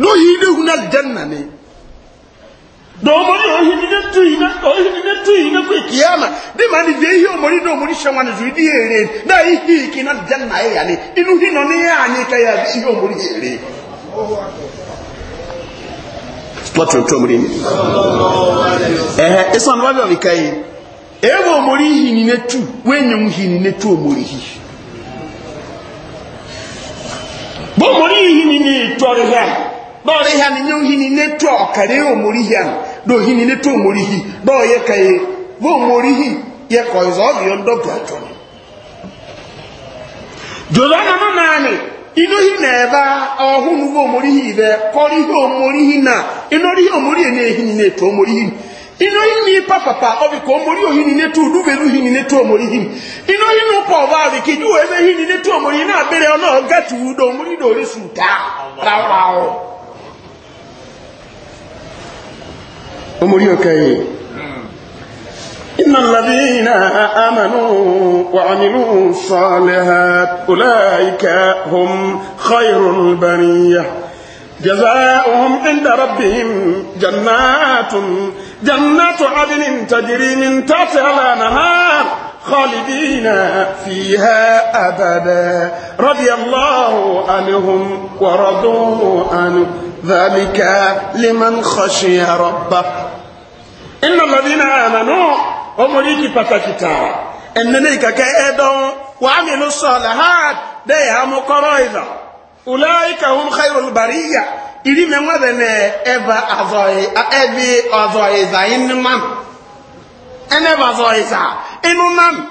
n'oyi ne hu na janna na dɔwɔmɔri oyi ne kiyama omori na omori shanwa wani zu di ere na yi hi ki na janna ye inu hi nọ ne ye anyị ka ya ihe omori ere. Lọ́tún tó omori ni. omori ni n'etu wee ihe ni omori dɔɔre hia ne nyɛ ohini ne to a ɔkare yɛ omori hia no dɛ ohini ne to omori hi dɔɔ yɛ ka yɛ bɛ omori hi yɛ kɔɛ zɔ ɔbi yɛ ndɔ gba tɔ no dzodzɔ na no naani inu hi na ɛba ɔho no bɛ omori hi bɛ kɔri hi omori hi na inu hi omori yɛ ne ehini ne to omori hi inu hi ni papapa ɔbi kɔ omori ohini ne to du bɛ nu hi ni ne to omori hi inu hi no pɔ ɔba ɔbi kedu wɔ e ebe hi ni na abere ɔna ɔga tuwu do omori أمريكا إن الذين آمنوا وعملوا الصالحات أولئك هم خير البرية جزاؤهم عند ربهم جنات جنات عدن تجري من تحتها الأنهار خالدين فيها أبدا رضي الله عنهم ورضوا عنه ذلك لمن خشي ربه إن الذين آمنوا هم ليك فتكتا إن ليك كأدو وعملوا الصالحات ديها مقرائضة أولئك هم خير البرية إلي من وذن أبا أضعي أبي أضعي زين من أنا أبا أضعي زين من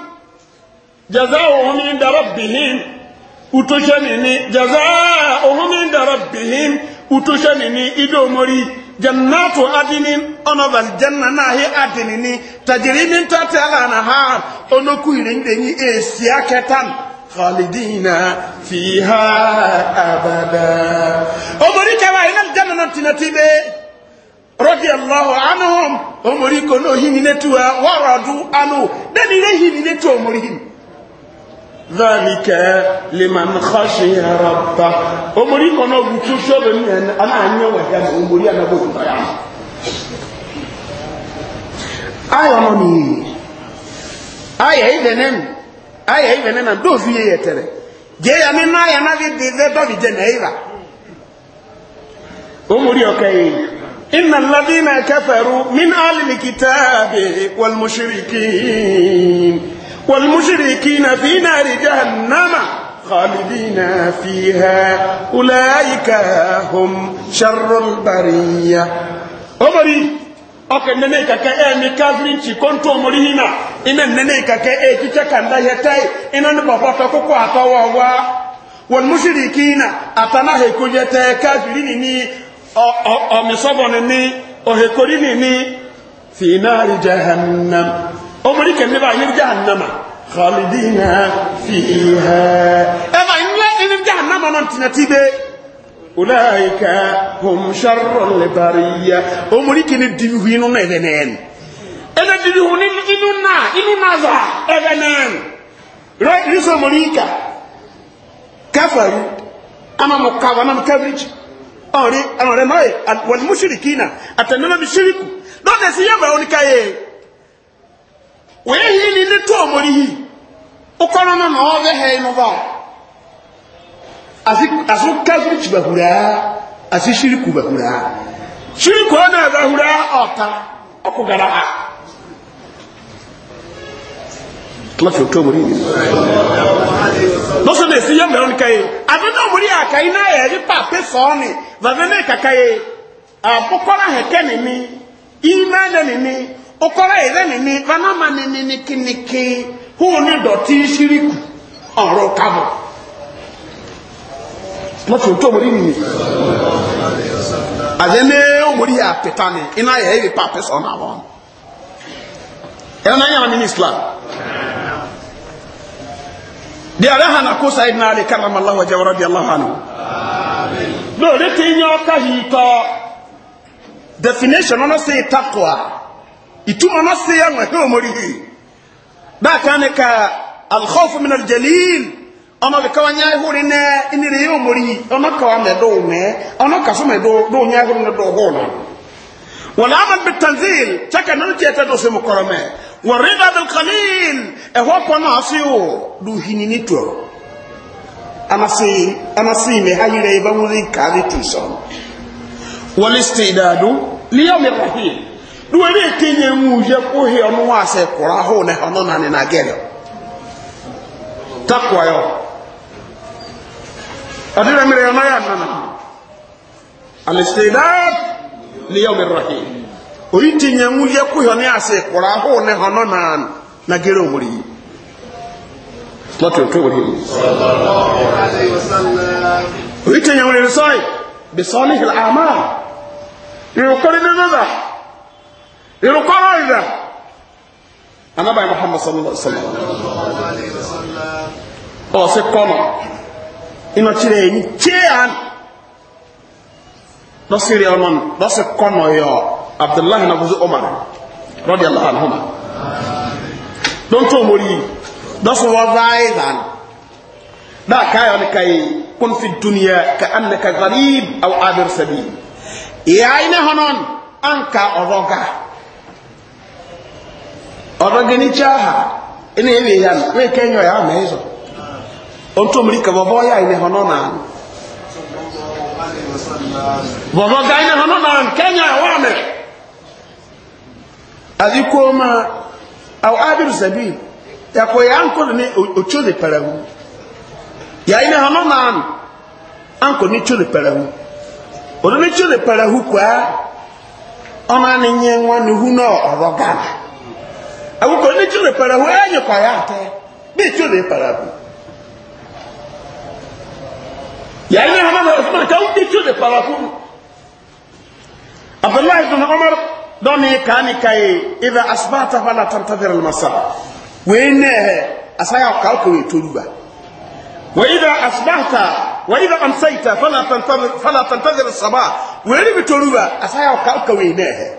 جزاؤهم عند ربهم وتجنني جزاؤهم عند ربهم utushanini idomori jannatu adini onoval janna nahi adinini tajirimin tatala nahar onokuirindenyi esia ketan khalidina fiha abada omori kawa inal janna nantinatibe radiyallahu anhum omori kono hininituwa waradu anu denire hininituwa omori hininituwa ذلك لِمَنْ خَشِيَ رَبَّهُ أمري كنا بتشوف من أنا أني وهم أمري أنا بقول يا أي أمامي أي أي بنم أي أي بنم دو في يترى جي أنا نا يا نا في دي دو في جنيرة أمري أوكي إن الذين كفروا من أهل الكتاب والمشركين في نار جهنم خالدين فيها أولئك هم شر البرية أمري ọkẹ nene kaka ẹ mi kavrin ti kọntu ọmọdé yìí na ina nene kaka ẹ títẹ kanda yẹ tẹ ina ní bàbá fẹ kókó àtọwọ wá wọn mùsùlùmí kìí na àtàná hẹkọ yẹ tẹ kavrin nìní ọ ọ ọmísọbọ nìní ọhẹkọrí nìní fìnnárì jahannam ọmọdé kẹmí bá yẹ jahannama khalidina fiha ẹ̀fà ìyẹ́ inú jahannama náà tìǹà tí bẹ́ẹ̀ ulaika hum sharrul bariya ọmọdé kẹmí dìbì hu inú náà ẹ̀fẹ̀ nẹ́ẹ̀n ẹ̀fẹ̀ dìbì hu inú náà inú náà zà ẹ̀fẹ̀ nẹ́ẹ̀n rẹ̀ rísọ̀ ọmọdé kà kẹfàrú ama mu kawa na mu kẹfìrìjì ọ̀rẹ́ ọ̀rẹ́ mọ́ ẹ̀ wọ̀n mú ṣìrìkì náà àtẹnudọ́ mi ṣìrìkù lọ́dẹ̀ sí yẹ́ bẹ̀rẹ̀ oníkàyẹ̀ wòye yìí ni ní tó ọmọ yìí ọkọ náà nà ọ bẹ hẹ inú bá àti káfíìn tì bàkúrà àti ṣírìkù bàkúrà ṣírìkù ọ̀nà àbàkúrà ọ̀ta ọkọ̀ gara ha. láti ọ̀tọ́ ọmọ yìí lọ́sọ̀nà èsì yẹ́ mẹ́rin káyé àbẹ́nà ọmọ yìí àkàyé náà yẹ ẹ̀rí pàpẹ́ sọ́ọ́ ni bàbá náà kàkáyé àbúkọ́rọ̀ hẹ̀kẹ́ nìní ìmẹ́ẹ̀nẹ́ nìní ukɔrɔ yi lɛni ni banama ni ni nikiniki hu ni dɔti siriku ɔrɔ kabɔ tó omori nìyí àti ní omori yà pété ni iná yà ébi papi sọ náà náà yàrá mi ní islam di hana ko na ale kala ma lawa jawara di ala hana lórí ti nyɔ definition ituma nasi ya mwehewa morihi bakane ka alkhawfu min aljalil ama bikawa nyai huri ne inire yo mori ama kawa me do me ama ka so do do nyai huri ne do hona wala amal bitanzil chaka nanu ti etedo se mukorome wa rida bil qalil e ho ko na asiu du hinini to amasi si me hayire ba muzika bitu so wal istidadu liyawmir rahim duwere ekenye nwuje kwụghị ọnụ asị kwụrụ ahụ na ọnụ nanị na gelio takwa ya adịrị mmiri ọnụ ya nọ na alistidad liyomi rahim oyi tinye nwuje kwụghị ọnụ asị kwụrụ ahụ na ọnụ na na gere omori lọtụ otu omori oyi tinye nwuje sọị bisọlihil amal rịụkọrị n'ebe ìrùkọ́rọ̀ ìrà anábàá muhammad sallallahu alaihi wasallam ọ̀sẹ̀ kọ́nà iná tirẹ̀ èyí tíyàn lọ́sẹ̀rẹ̀ ọmọ lọ́sẹ̀ kọ́nà yọ abdullahi nabuzu omar rọ́dí allah alhuma lọ́ntọ́ mori lọ́sẹ̀ wọ́n ráyé dàn náà káyọ̀ ní káyé kún fi duniya ka annaka gharib aw abir sabi ìyá iná hànán an ka ọ̀rọ̀ gáà ọ̀rọ̀gẹ̀nìkyà ha na ya no wei kɛnyɛ ɔyɛ ama ɛyɛ otu ɔntomri ka bɔbɔ yɛ ɛne hɔ no anụ bɔbɔ ga ɛne na no naano kɛnyɛ adi kɔɔ ma awo abiru sabi yakɔ yɛ ankɔ ne otwo de pɛrɛ ho yɛ ɛne hɔ no awukɔ ne tso le para ho ɛyɛ kɔ ya atɛ bi tso le para ho yàrá hama na ɔsùnmà ká wọ́n ti tso le para ho abdullahi bin umar dɔnni kaani ka ye ibi asuba ta fa la tanta fɛrɛ masa wee ne yɛ asaya kaw ko ye toluba wa ibi asuba ta wa ibi amsayi ta fa la tanta fɛrɛ saba wee ne bi toluba asaya kaw ko ye ne yɛ.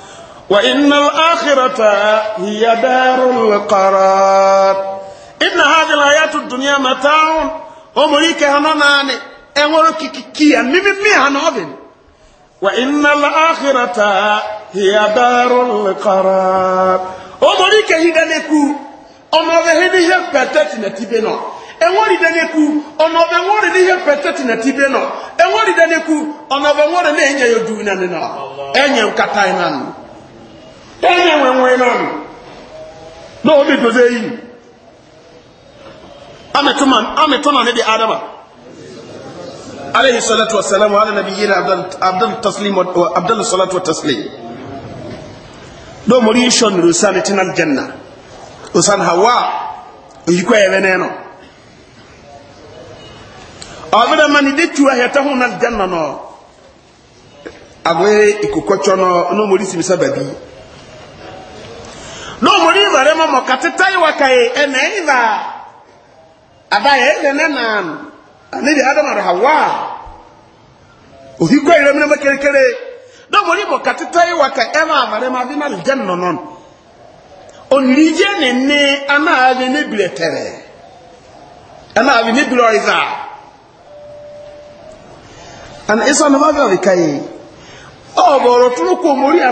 وإن الآخرة هي دار القرار إن هذه الحياة الدنيا متاع أمريكا هناني أمرو كيكيا ميمي مي هنوبين وإن الآخرة هي دار القرار أمريكا هيدانيكو أمريكا هيدانيكو أمريكا هيدانيكو enwori daneku ono be nwori ni he petete na tibe no enwori daneku ono be nwori na enye yodu na ni no enye nkata ina no ẹ̀yẹ wẹ̀wẹ̀ náà nù lọ́wọ́ bí dòdó yìí amẹ̀tọ́nà ní di adama alayhi salatu wa salam wa ala nabiyyina abdul taslim wa abdul salatu wa taslim do mori shon rusani tinal janna usan hawa yiko eveneno abada mani de tuwa heta hunal janna no agwe ikokocho no no mori simisa babi n'omuli ibare mama katita iwakaye ene iba abaye ene nan anili adam hawa ohikwa ire mene makerekere n'omuli bo katita iwaka ema amare ma bi na aljanna non onirije ne ne ana ana na ọ bọrọ tụrụ kwa omori a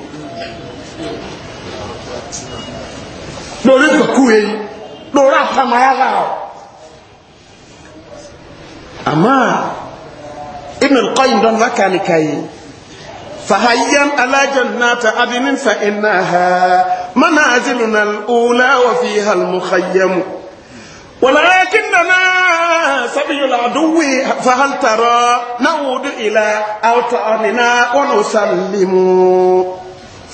lórí pẹ̀kú èyí lórí àtàmáyára ọ̀ àmá ibn al-qayyim don على جنات عدن فإنها منازلنا الأولى وفيها المخيم ولكننا سبي العدو فهل ترى نعود إلى أوطاننا ونسلم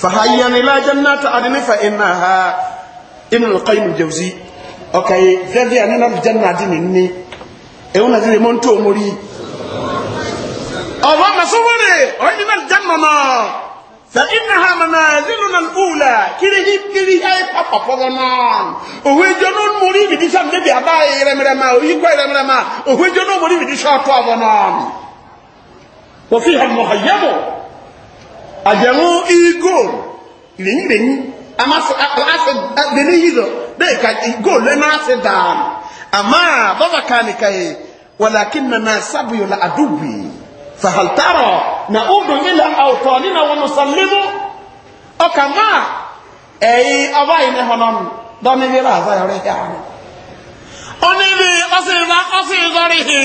فهيا إلى جنات عدن فإنها ibn al-qayyim al-jawzi okay zadi anana janna din ni e una zile mon to mori Allah masawari ojina al-janna na fa innaha manaziluna al-ula kiri hi kiri hi papa pogana o we jono mori bi disam de bi aba ire mere ma o yiko ire mere ma o we jono mori bi disam to abona wa fiha al-muhayyab ajamu igor lenyi lenyi ama ase ase deni yi do de ka goolu ɛna ase daa ama baba kani ne ka ye walakin nana sabuyo la adubi fahaltaro na udu ila awtɔni na wɔn salimu ɔkama ɛyi ɔba yi ne hɔnom dɔni bi la asa yɔre hɛ ano ɔni bi ɔsi nza ɔsi nzɔri hi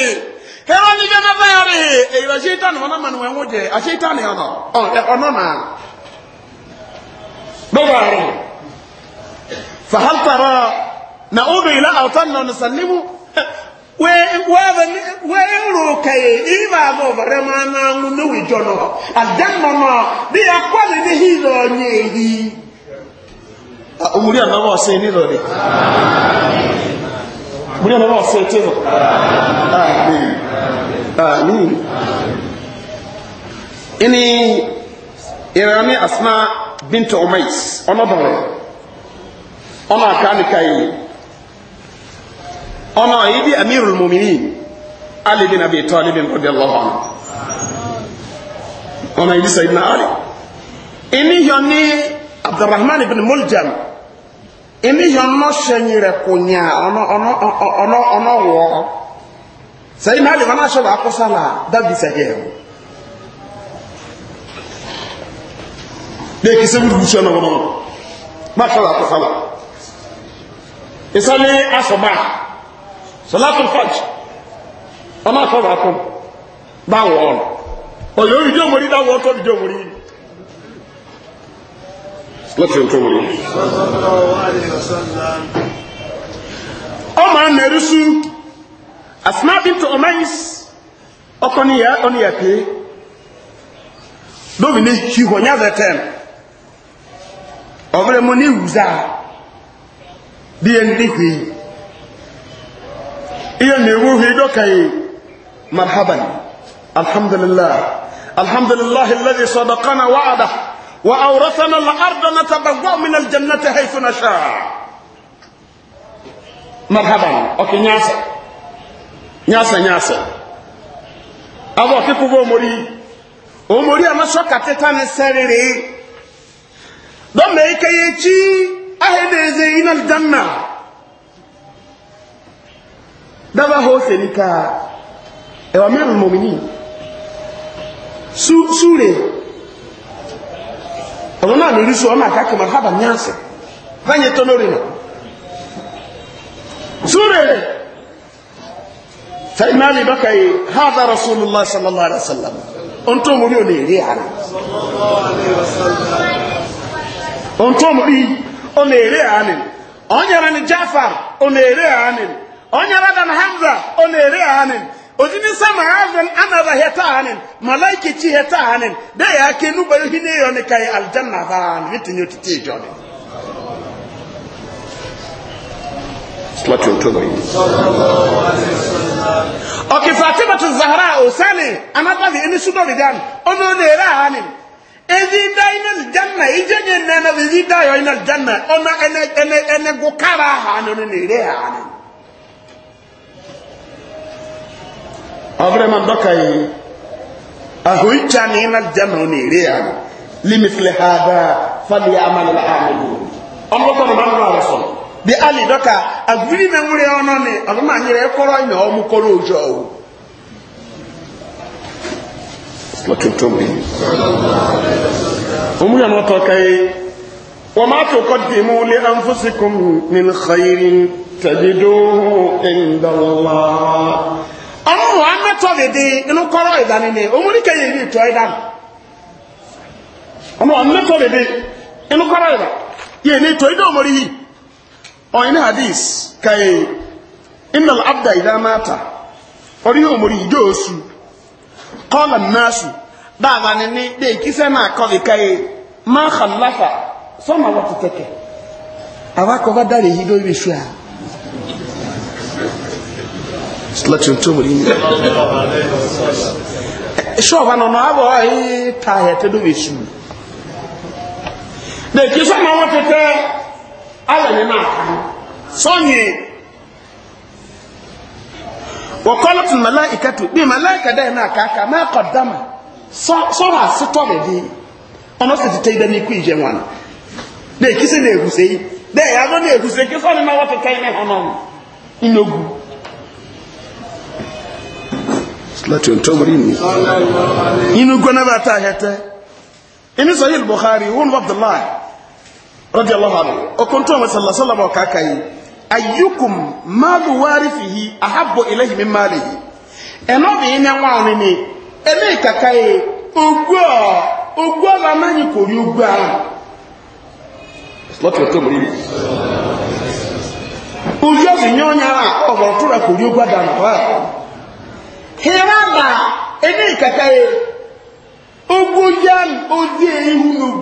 hɛrɛ ni bi na ba yɔre hi eyira seetan hɔnom ma ni wɔn ŋo jɛ a seetan yɛ no ɔ ɔnɔ e, naa. دوباري فهل ترى نعود إلى أوطاننا ونسلمه wẹ́ẹ̀rọ kẹyẹ ìbá àbọ̀ bẹ̀rẹ̀ máa ná ń ní ìjọ náà àdẹ́mọ̀nà bí akọ́lẹ̀ ní hìlọ̀ ní èyí omúrí àmọ́wọ́ ọ̀sẹ̀ nílò rẹ̀ omúrí àmọ́wọ́ ọ̀sẹ̀ tí lọ àmì ìní ìrànlẹ́ bintu umais ɔno dɔre ɔno aka ne kae ɔno a yɛdi amirul muminin ali bin abi talib radiyallahu anhu ɔno yɛdi sayyidina ali ini yɔne abdurrahman ibn muljam ini yɔno hyɛnyerɛ konya ɔno ɔno ɔno ɔno wɔ sayyidina ali wɔn ahyɛ baako sala dabi sɛ yɛ deki se wudu wusu ɛnɔwɔ nɔnɔ mashala akɔfala isani asɔba salatu faj ɔma asɔba akɔ ba wɔn ɔyɛ oyi jɛ omori da wɔn tɔ bi jɛ omori lati ọ̀bẹ̀rẹ̀ mọ́ ní ìwùzá bí i ní hù iye mẹ́wú hù dọ́kàí marhaban alhamdulillah alhamdulillah alladhi sadaqana wa'ada wa awrathana al-ardha natabawwa min al-jannati haythu nasha marhaban okay nyasa nyasa nyasa abo kikugo mori o mori amasoka tetane serere don mai kayaci ahebe zai yi na aljanna da ba hose ni ka ewa mẹ́rin mọ̀mìnì súre ọ̀nà náà lórí sọ ọmọ àkàkì mọ̀ hábà ní àṣẹ báyẹ̀ tó lórí nà súre rẹ̀ fẹ́ẹ̀mẹ́ alì bọ́kà yìí hábà rasulullah sallallahu alaihi wasallam ohun tó mú ní òní rí àná sallallahu alaihi wasallam ontomri onere anin onyara ni jafar onere anin onyara dan hamza onere anin odini sama azan ana da heta anin malaiki ci heta anin da ya ke nuba yi ne yo ne kai aljanna ba an vitin yo titi jone salatu ontomri oki fatima tu zahra usani anaba bi eni sudo bidan ono onere anin ezi da ina aljanna ije nye yo ọnụ aljanna ona ene ene ene gukara ha ne ha ne avre man yi aho icha ni ina ha limithli hada falyamal alamilu omo ko no banwa rasul bi ali doka aguri me ngure ono ni nyere koro ojo lọ́túntúnbí omúyàn wọ́n tọ́ka yìí wọ́n máa tó kọ́ dì mú lé anfúsikún min xayiri tàbídó ìndàlá ọmọ wọn á mẹ́tọ́ lè di inú kọ́rọ̀ ìdáni ni omúnikẹ́ yìí ìtọ́ ìdáni ọmọ wọn mẹ́tọ́ lè di inú kọ́rọ̀ ìdá yìí ní kọ́lá nọ́ọ̀sù dáàbà nínú dé ìkísẹ́ náà kọ́lé káyé máa kà láfà sọ́mà wọ́n ti tẹ̀kẹ̀ àwa kọ́ bá dáre yìí lórí ìṣúra. sọlọ́tún tó wòlíì ní. ṣọ́ọ̀bù nínú àbọ̀ yìí ta ẹ̀tẹ́ lórí ìṣúra. dé ìkísẹ́ náà wọ́n ti tẹ́ alẹ́ nínú àkàrà sọ́yìn. وقالت الملائكة بملائكة دائما كاكا ما قدم صرع ستوبة دي أنا ستتي دني كوي جوان دي كيسي نيغوسي دي يازو نيغوسي كيسو نما وفي كاينة هنم إنوغو láti ọ̀tọ́ mọ̀rí ni inú gbọ́nà bá ta ẹ̀tẹ́ inú sọ̀yí buhari wọn wọ́n abdullahi rọ́dí aláwọ̀ ọkùn tó wọ́n sallásọ́lọ́mọ̀ kàkàyí ayyukum malu warifihi ahabbo ilahi min malihi ɛnɔ de yi nyanwa ne ne kaka ye ogu a ogu a lana yi kò a lọtí o tó mu níbi ojú ọsùn ha a ọbọ tó ra kò rí ogu ha. dànù wa hìrà kaka ye ogu yan odi eyi hu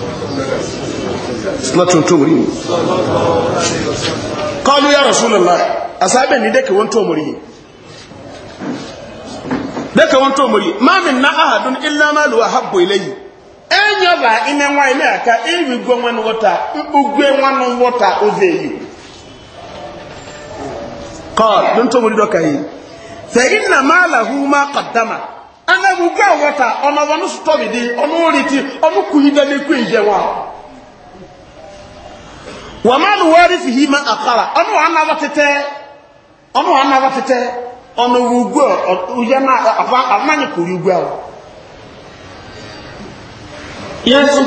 slatun tó mori kọlu ya rasulullah asabe ni dẹ́kẹ̀ wọn tó mori dẹ́kẹ̀ wọn tó mori mamin na ahadun illa ma luwa habbo ilayi ẹnyọ bá iná nwa ilé àká ìrì gbọ́ wọn wọ́ta ugbe wọn oze yìí kọlu tó mori dọ́ka yìí fẹ́ iná ma lahu ma kọ̀dáma ana gbogbo àwọta ọ̀nà wọn sọ̀tọ̀ mi di ọnụ orí ti ọ̀nà kùyí dáná kú ìjẹ wa. wọ́n máa ń wárí fi yí máa àkàrà ọ̀nà wọn náà tẹ́tẹ́ ọ̀nà wọn náà tẹ́tẹ́ ọ̀nà wùgbọ́ ọ̀yẹ́ náà àfáàní kò rí gbọ́ àwọn. ìyẹn sọ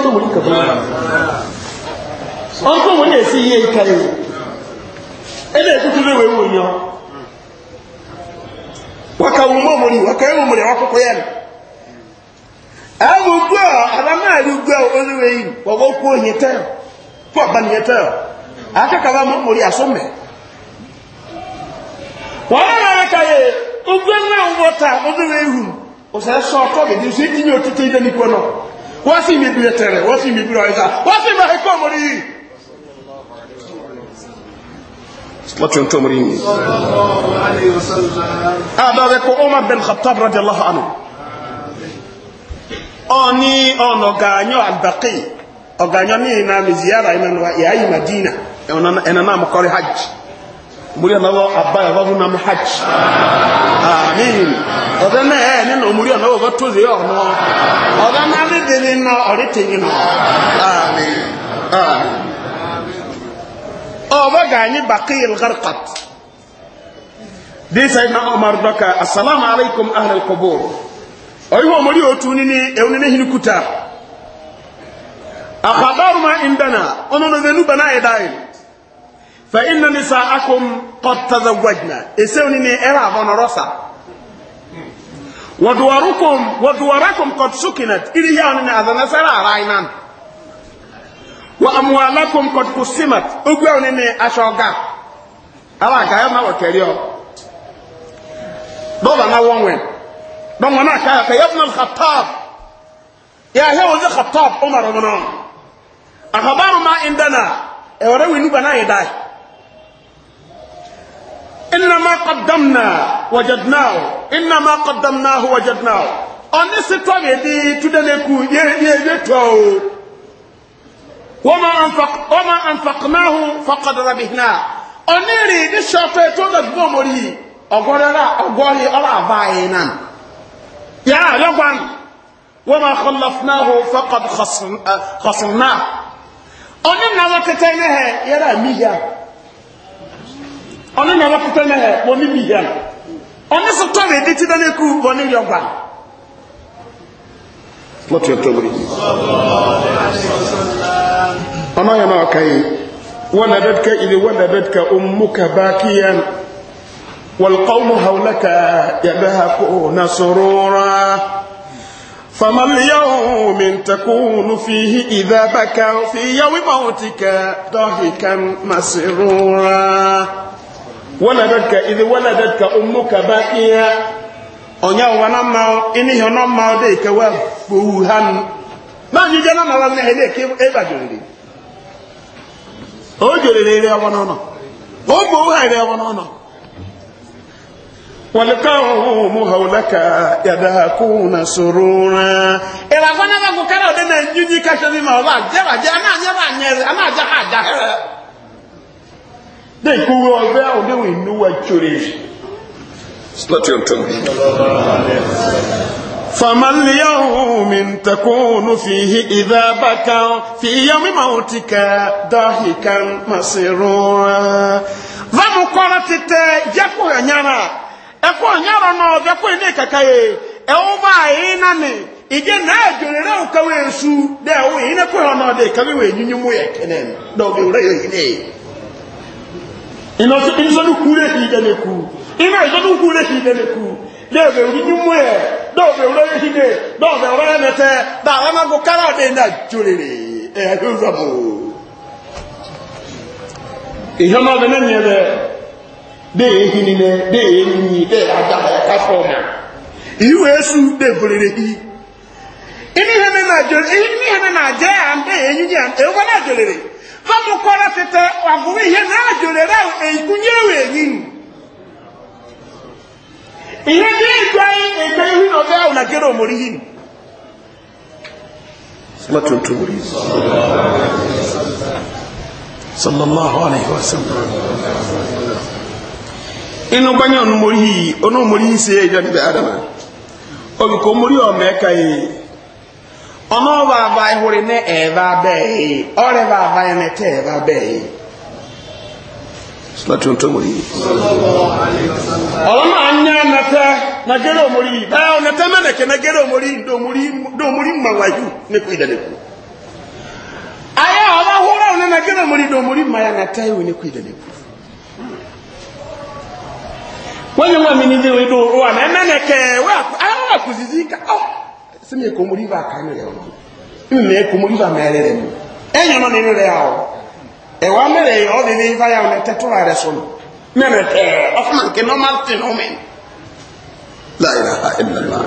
wakawuma omuli wakawuma omuli awakokoyana abo ugwe abamaali ugwe oliweyi waba okwonyetayo kwabanyetayo ate kabama omuli asome wabalakaye ugwe nawubota oliweyihu osasa otobedi osetinya otiteidemikono wasimibiretere wasimibiraoza wasimaheka omuli lọ́tún tó mọ̀rí ní. Àbáwẹ̀ kò Omar bin Khattab radiyallahu anhu. Ọni ọ̀nà ọ̀gányọ́ àgbàkì ọ̀gányọ́ ní ìná mi ziyara ìmẹ̀nu ìyá yìí Madina ẹ̀nà náà mọ̀ kọ́rí hajj. Múrí ọ̀nà àbáyọ̀ ọ̀gọ́gún náà mọ̀ hajj. Àmín. Ọ̀dẹ́ náà ẹ̀ nínú múrí ọ̀nà ọ̀gọ́ tó zè ọ̀nà. Ọ̀dẹ́ náà lè dèrè náà ọ̀rẹ́ tèyí náà. Àmín. Àmín ọba gani bakiyil garkat disa na omar doka assalamu alaikum ahlal qubur oyi wo mori otu ni ni euni ne hinkuta akhadaru ma indana ono no zenu bana edai fa inna nisaakum qad tazawwajna eseuni ni era bono rosa ودواركم ودواركم قد سكنت إلي يعني أذن سرى راينا wa amualakum kod kusimat ogbe oni ni aṣọ ọga àwọn àkàyọ máa wọ kẹrí ọ bọ́ọ̀bà máa wọ́n wẹ̀n bọ́ọ̀bà náà kàyọ kẹyọ fún alkhatab yà hẹ́ wọ́n sí khatab umar ọmọ náà àkàbárù máa ń dáná ẹ̀wọ̀rẹ́ wì nígbà náà yẹ inna ma qaddamna wajadnahu inna ma qaddamnahu wajadnahu ọ̀ní sí tọ́ di túdẹ́lẹ́kù yẹ yẹ yẹ tọ́ o. وما أنفق وما أنفقناه فقد ربحناه أنيري دي شافة تودا بومري أقولنا أقولي أرى باينا يا لغان وما خلفناه فقد خصم خصمناه أنينا وكتنه يرى ميا أنينا وكتنه وني ميا أنينا ستوري دي تدنيكو وني يوغان lọ́tí ọ̀tọ́gbìrì ọmọ yẹn náà ولدتك إذ ولدتك أمك باكيا والقوم حولك يبهقون سرورا فما اليوم تكون فيه إذا بكى في يوم موتك ضحكا مسرورا ولدتك إذ ولدتك أمك باكيا onye ụwa na mmanwụ ịnịhị ọnọ mmanwụ dị ekewa kpowu ha nụ naanị je na mara nne ha na-eke ịgbajiri o jere rere ọgbọ n'ọnọ o kpowu ha rere ọgbọ n'ọnọ walikahu haulaka yadahakuna surura ila kwana ba kukara de na nyinyi ka shabi ma ba jaba je ana anya ba nyere ana aja ha aja de kuwo be o de we nuwa chore صلاه يوم فما اليوم تكون فيه إذا بكى في يوم موتك ضاحكا مسرورا ظن قرتت يكو ينرى ẹkọ ọnyarọ náà ọbẹ kọ ilé kẹkẹ yẹ ẹwọ báyìí nani ìjẹ náà jòlè náà ó kẹwé esu dẹ ẹwọ yìí náà kọ mu yẹ kẹnẹ náà ọbẹ wúlẹ yẹ yìí Ime ìtọ́jú ukwu léṣì ìdẹ́lẹ̀kú lẹ́ẹ̀bẹ̀ orí mímú ẹ̀ lọ́ọ̀bẹ̀ orí ẹ̀ṣì dẹ̀ lọ́ọ̀bẹ̀ orí ẹ̀nẹ́tẹ́ dáadáa máa kó kára ọ̀dẹ̀ náà jòrèrè ẹ̀ẹ́dẹ́ ìzọ̀bù. ìyọ́nà ọ̀dẹ̀ náà yẹn lẹ dé èyí ihe ndị ikpe ete ihu na ọbịa ahụ na kere omori hin sallallahu alaihi wasallam inu gbanye onumori yi onumori yi se ejo nibe adama olùkọ́ omori ọmọ ẹka yi ọmọ ọba àbá ihore sílátí ohun tó mọ̀ yìí ọlọ́mà anyá nẹ́tẹ́ nagẹ́rẹ́ òmórí yìí báyá ọ̀nẹ́tẹ́ mẹ́nẹ̀kẹ́ nagẹ́rẹ́ òmórí dòmórí mọ̀wáyú nípò ìdẹ̀lẹ́kù ayé ọlọ́húnrẹ́ òní nagẹ́rẹ́ òmórí dòmórí mayá nẹ́tẹ́ ìwé nípò ìdẹ̀lẹ́kù wọ́n yẹ wọ́n mi ní ìdíwé dò wà mẹ́mẹ́nẹ̀kẹ́ wọ́n àkùsìsì ká ọ́ sẹ́mi èkó mórí bá kánú rẹ̀ ọ̀nà ɛwà mẹrẹ yìí ɔdi ni ifá yà wọn tẹtọ la rẹ sọnù mẹrẹ ɛ ɔfúnà nkè normal thing omi láyìlá ɛnlá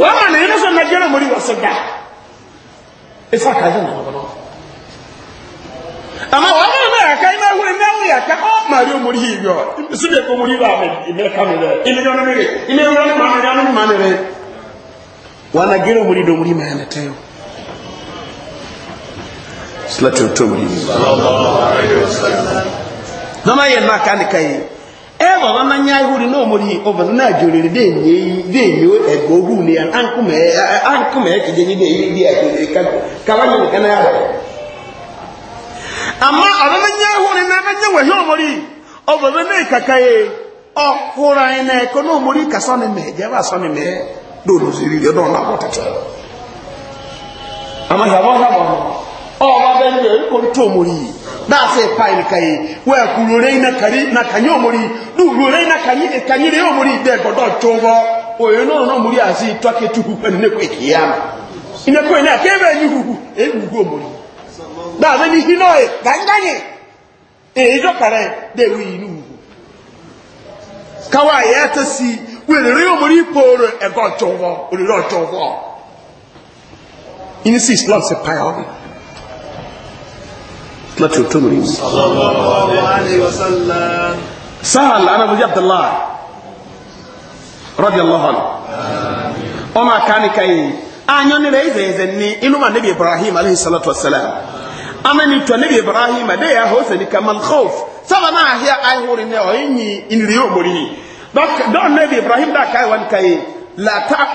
wọn mọ ní yẹn sọ nàìjíríà mọ ní wọn sọ dá ifá kájú nà wọn. àmà wọn mọ náà yàtọ̀ iná wúri náà wúri ọ màrí omori yìí yọ síbi èkó omori bá mi ìmẹ kánú rẹ ilé yọ nínú rẹ ilé yọ nínú màmí rẹ wọn nàìjíríà omori dòmori mẹ ẹ nà tẹ yọ. sílẹ̀tì òtòmùrì ni. nọ́mà yẹn náà kánìkà yìí ẹ wà wọn náà nyá ihuri náà mo rí ọbẹ náà jòrèrè dé èyí dé èyí ẹgbẹ ni ankumẹ ankumẹ kìjẹ ní dé èyí dé èyí kaba nyẹ nìkan náà yà rẹ. náà ọmọ rí náà kàkà yìí ọkùnrin náà ẹ̀kọ́ náà mo rí mẹ́ mẹ́ sí rí ọba bẹni bẹrẹ ní kòrí tó mórí dáàsì ẹ̀pá ìrìkàyè wọ́n ẹ̀kú lórí nàkànyé òmórí lù lórí nàkànyé òmórí dẹ́gbọ́dọ̀ tó bọ́ òye náà náà mórí àti tọ́kẹ́ tó kú pẹ̀lú nẹ́kọ̀ yá mi ìnẹ́kọ̀ ìní àkẹ́bẹ̀ ní huhu èwùgbò òmórí dáàsì ní hinọ́ ẹ̀ gàngànyè èyí dọ́kàrẹ́ dẹ̀wé ìlú huhu káwá ẹ̀yà tẹ́sí wèrèrè òmórí pòrò ẹ̀gọ́ ọ̀tọ̀ wọ ما تشوتمني صلى الله عليه وسلم سهل أنا أبو عبد الله رضي الله عنه وما كان كي أنا نري زيزني إنما النبي إبراهيم عليه الصلاة والسلام أنا نتوى نبي إبراهيم ده يا حسن كما الخوف ما هي أي هوري نيو إني إن ريو مريه دوك دون النبي إبراهيم ده كاي وان كاي لا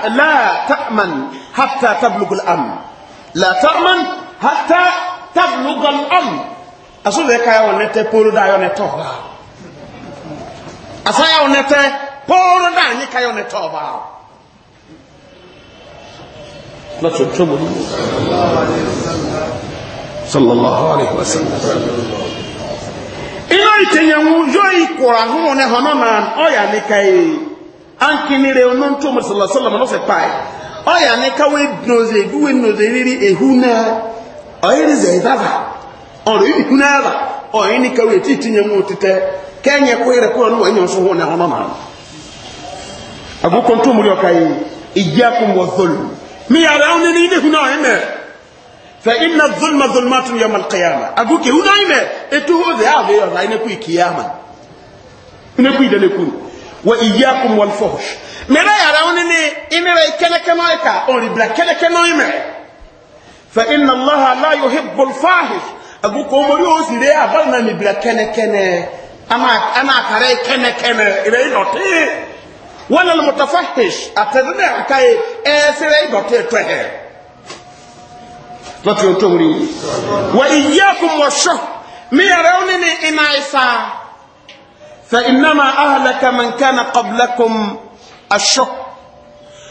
لا تأمن حتى تبلغ الأمن لا تأمن حتى tablugal am aso de ka yawo nete poro da yawo nete nete poro ka yawo nete oba na so so sallallahu alaihi wasallam ino itenya wujo ikura hu ne hono na oya ni kai e. sallallahu alaihi wasallam no se pai oya ọ̀yẹ́rì zẹ̀ẹ́dàdà ọ̀rọ̀ yìí nìkú náà rà ọ̀yẹ́ ní kẹwé tí ìtìyẹ mú títẹ kẹ́ẹ̀yẹ kó yẹrẹ kúrò níwọ̀n ẹ̀yẹ ọ̀ṣun wọn náà ọ̀nà náà. àgùkọ tó múlẹ̀ ọ̀ka yìí ìjẹ́ kún wọ zọlù mi yàrá àwọn ẹni nìkú náà ẹ̀mẹ̀ fẹ iná zolma zolma tún yẹ mal kẹyàmà àgùkọ ìhun náà ẹ̀mẹ̀ ètò ó dẹ̀ àbẹ̀ ọ̀la ẹ̀nẹ́kù ìkìyàmà ẹ̀nẹ́kù ìdẹ́nẹ́kù wọ ìjẹ́ kún wọl fọ́ọ̀ṣ mẹ́rẹ̀ yàrá àwọn ẹni ẹ̀mẹ̀rẹ̀ kẹ́lẹ́kẹ́ náà ẹ̀ka ọ̀rìbìlà kẹ́lẹ́kẹ́ náà ẹ̀mẹ̀ فإن الله لا يحب الفاحش أقولك أمري إذا أبالنا نبلا كنا كنا أما أنا كاري كنا كنة إلي دوتي ولا المتفحش أتدنى أكاي أسيري دوتي تهي دوتي أتمري وإياكم وشه مي رونني إن عيسى فإنما أهلك من كان قبلكم الشك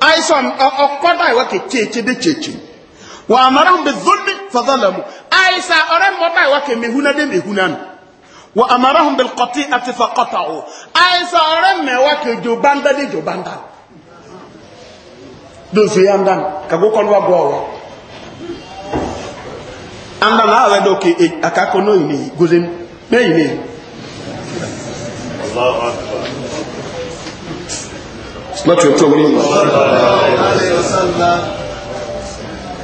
aisɔn ɔkɔda iwa ke tsetse de tsetse wa amarahum bi zulmi fadalamu aisa ɔrɛ mɔda iwa ke mehuna de mehuna no wa amarahum bi kɔti ati fa kɔta o aisa ɔrɛ mɛwa ke jobanda de jobanda donso ya ndan kago kɔn wa gbɔ wa andan a yɛrɛ dɔw ke akakɔ n'o ne yi gozen ne ne yi lọ́tí ọ̀tí omi nìyí.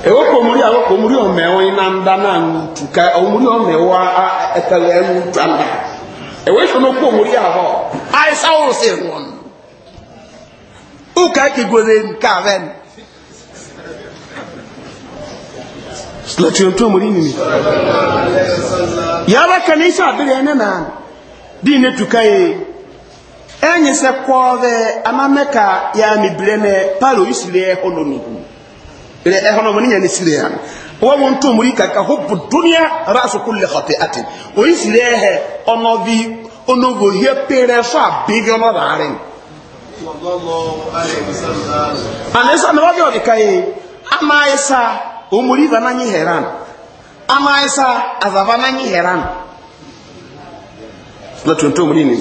Èwo kò múrí àwọn kò múrí ọ̀mẹ̀ wọn iná ń dá náà ń tùkà ọ̀múrí ọ̀mẹ̀ wa ẹ̀tẹ̀lẹ̀ ń tàǹdà. Èwo ìṣòro kò múrí àwọ̀ àìsàn òsè wọn. Ụka kegoro nke aven. Slọtị otu omori nini. Yaba ka n'isi abịrị ene na di netuka ya. enyi se kwove amameka ya mibrene palo isire hono nuhu ile hono mwenye ni sire yani wa muntu murika ka hubbu dunya rasu kulli khati'atin o isire he pere fa bi ọnọdụ rare sallallahu alaihi wasallam na ka ama ama azaba láti ohun tó mú ní ní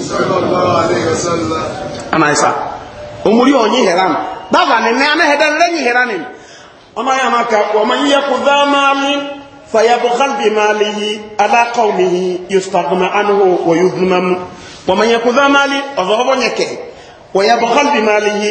anáìsá omúrí ọ̀yìn hẹ̀rán dáfà ní ní anáhẹ̀dẹ́ lẹ́yìn hẹ̀rán ni ọmọ yà máa ka ọmọ yíyẹ kò dá máa ní fàyàbọ̀ kálbì máa lè yí alákọ̀ mi yí yusufagbọ̀nà anuhu wọ̀nyí dùnmọ́mú ọmọ yẹ kò dá máa ní ọ̀zọ̀kọ̀bọ̀ yẹ kẹ̀ wọ̀yàbọ̀ kálbì máa lè yí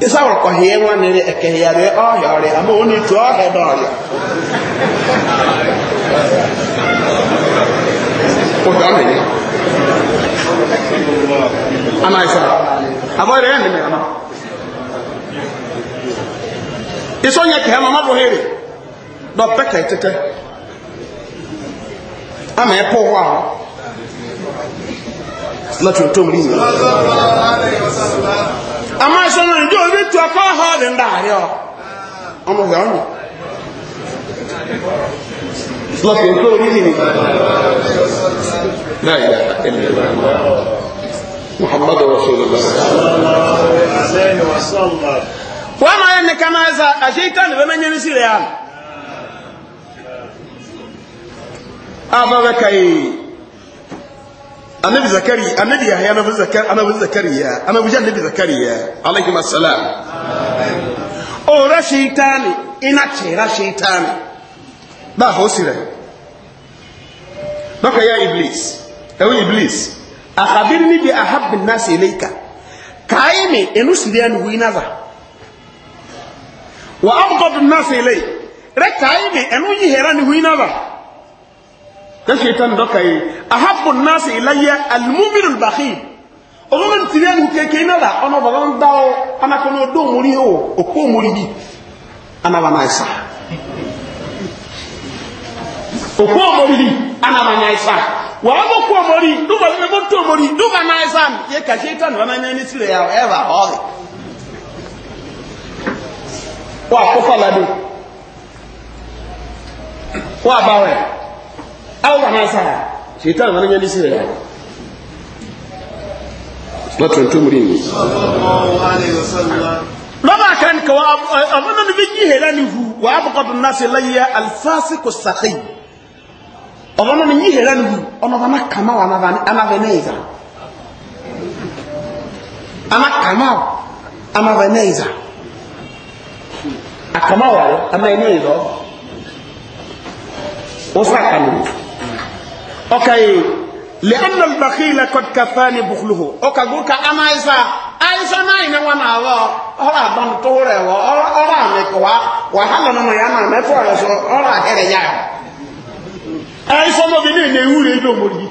isa wɔ kɔhɛɛ wa ne ne ɛkɛhɛɛre ɔhɛɔre ama wɔn etu ɔhɛ dɔɔre o dɔn ne ye ana isa abɔ yɛrɛ yɛn nimɛ ama isɔ nyɛ kɛhɛ mama do hɛrɛ dɔ pɛ kɛ tɛtɛ ama ɛpɔ hɔ awɔ lati o tom ni nyina ama sɔnna ndo obi tu akɔ hɔ ɔdi ndaari ɔ ɔmɔ wɛ ɔnyɛ lọfi nkó orílẹ̀ ni láì yára ẹni ẹ̀rọ muhammadu rasulullah wọ́n máa yẹn nìkan máa sá àṣẹ ìtàn ìfẹ́ mẹ́nyẹ́ ní النبي زكريا النبي يحيى انا ابو زكريا انا ابو زكريا انا ابو أنا النبي زكريا عليكم السلام او رشيتان انا تشي رشيتان ما هو سيره بقى يا ابليس او ابليس اخبرني باحب الناس اليك كايمي انو سيريان وينازا وابغض الناس اليك ركايمي انو يهراني وينازا na shaitan doka yi ahabbun nasi ilayya almu'minul bakhil ogun ti ne mu keke na la ono ba don dawo ana ko no do muri o o ko muri bi ana ba na isa o ko muri bi ana ba na isa wa o ko muri du ba ne mo to muri du ba na isa ye ka shaitan ba na ni awura ha saa shaitan wani nyani sire ya lọtọ tó múrí mi. lọ́ba kan kà wá àwọn ọ̀nà bí yìí hẹ̀rẹ́ ni hu wà á bọ̀kọ̀ dùn náà sí lẹ́yìn alifásí kò sàkéyì ọ̀nà ọ̀nà yìí hẹ̀rẹ́ ni hu ọ̀nà ọ̀nà kàmá wà anáfẹ́ náà ìzà ana kàmá anáfẹ́ náà ìzà àkàmá wà anáfẹ́ náà ìzà ó sàkàmù okay لأن البخيل قد كفاني بخله أوكا غوكا أما إسا أيسا ناين وانا الله أرى بان توري أرى مكوا وحالا نما يانا مفوى رسول أرى هيري يا أيسا ما بني نيولي دو مريد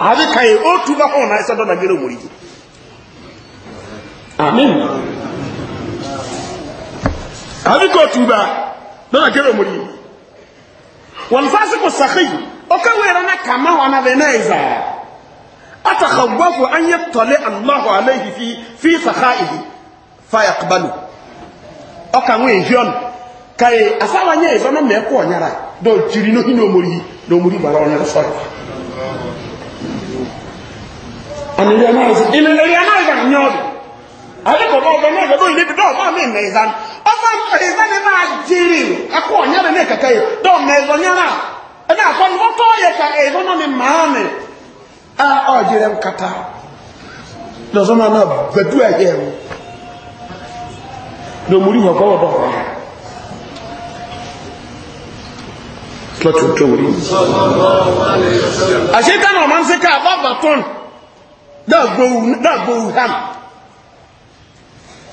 هذا كاي أو توبا هون أيسا دونا جيرو مريد آمين هذا كاي توبا دونا جيرو مريد والفاسق السخي were na kama wana veneza atakhawafu an yattali allahu alayhi fi fi sakhaihi fayaqbalu okanwe hion kai asawa nye ezo na me ko nyara do jiri no hinu omori no omori bara onye so ani ya na ezo ile ile ya na ezo nyodo ale ko do na ezo do ile do ma me me ezan ofa ezo ne na jiri akọ nyara ne kakai do me ezo nyara ɛna akɔn ɔtɔ yɛ ka ɛyɛ no ne maame a ɔgyerɛ nkata na ɔsɔ na na badu ɛyɛ wo na omuri hɔ kɔwɔ dɔ hɔ tɔtɔ tɔ wuri ahyɛ ka na ɔman se ka baba ton da gbowu da gbowu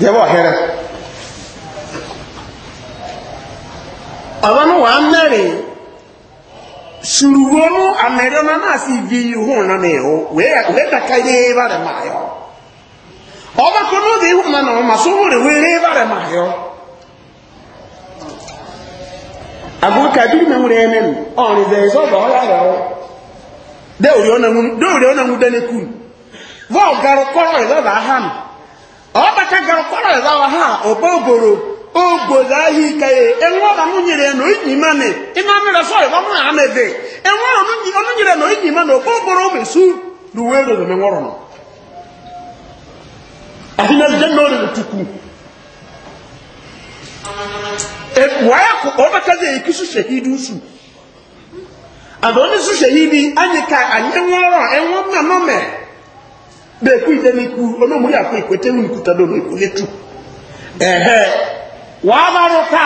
yẹbọ ọhẹrẹ ọba no wàá mẹrin suruwo no amẹrẹ ọmọ náà sì vi ihun náà ní ihun wẹ́ẹ́ kàkà yé bá rẹ̀ máa yọ ọba kò ní òde ihun náà nà ọmọ sọ wọ́n rẹ̀ wẹ́ẹ́ bá rẹ̀ máa yọ. àgùn kàbí mi wúre ẹni nù ọ̀rìn ọbaka gara kwara ezawa ha oboboro obodo ahịa ike ya enwere ọmụnyere na onyi mane ịna mmiri ọsọ ịgba mụ ha mebe enwere ọmụnyere na onyi mane oboboro mesu na uwe rere na nwọrọ nọ ahịna ije na orere tuku e waya kụ ọbaka zai ekusu shahidi usu ada onye su shahidi anyị ka anyị nwọrọ enwe mma nọ mere Beku ìdẹniku olóòmù yà fún ìpẹtẹ wù ìkúta lónìí kò lè tu ẹhẹ wàá bá rọ ká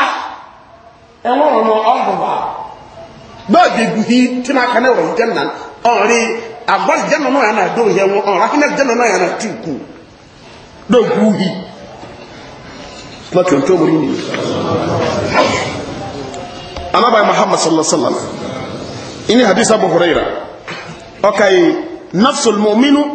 ẹwọn ọ̀nà ọ̀gbọ̀gbà bẹ́ẹ̀ gbẹ̀gbù na tí máa kan ẹ̀wọ̀n jẹ́ nà ọ̀rẹ́ àgbọ̀n jẹ́ nà yà na dó yẹ wọn ọ̀rẹ́ akínà jẹ́ nà yà náà tù kù ọ̀tọ́ muhammad sallallahu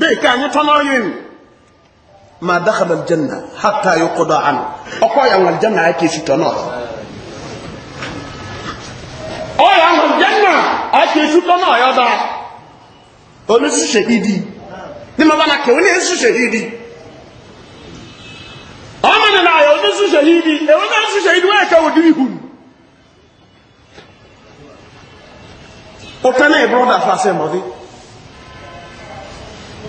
bẹ́ẹ̀ ká ní tọ́nà yìí ma dákàlà jẹ́nà hátà yóò kọ́dọ̀ àná ọkọ̀ yà wọn jẹ́nà ayé kìí tọ́nà ọ̀yà wọn jẹ́nà ayé kìí tọ́nà ọ̀yọ́dá oníṣiṣẹ́ ni ní ma bá na kẹwìn ní ṣiṣẹ́ ìdí ọmọ nínú ayé oníṣiṣẹ́ ìdí èwọ́n náà ṣiṣẹ́ ìdí wọ́n yẹ kẹwọ́ dìbì hù ọ̀tẹ́ náà ìbúrọ̀dà fásẹ̀ mọ́dé.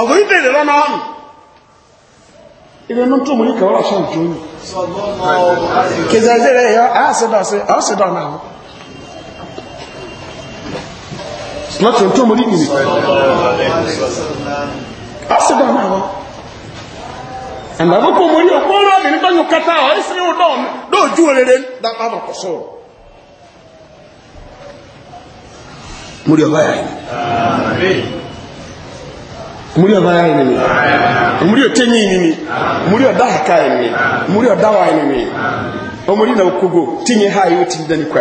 ọ̀gbọ̀n yìí bèèrè lọ́nà ọ̀hún ìrìn tó mú ní kẹwàá ṣe ìjọ ní kìzàzí rẹ̀ yọ ásìdọ̀ náà lọ́tún tó mú ní ìrìn ásìdọ̀ náà ẹ̀nà àbúkò mú ní ọ̀pọ̀ náà ní nígbà yóò kẹta ọ̀ ìsìn yóò dọ̀ọ̀jú rere dápamọ̀ kọ̀ sọ̀rọ̀ mú rí ọba yà ní. mulio vaya nini mulio tenyi nini mulio dahaka nini mulio dawa nini omuli na ukugo tinye hayo utindani kwa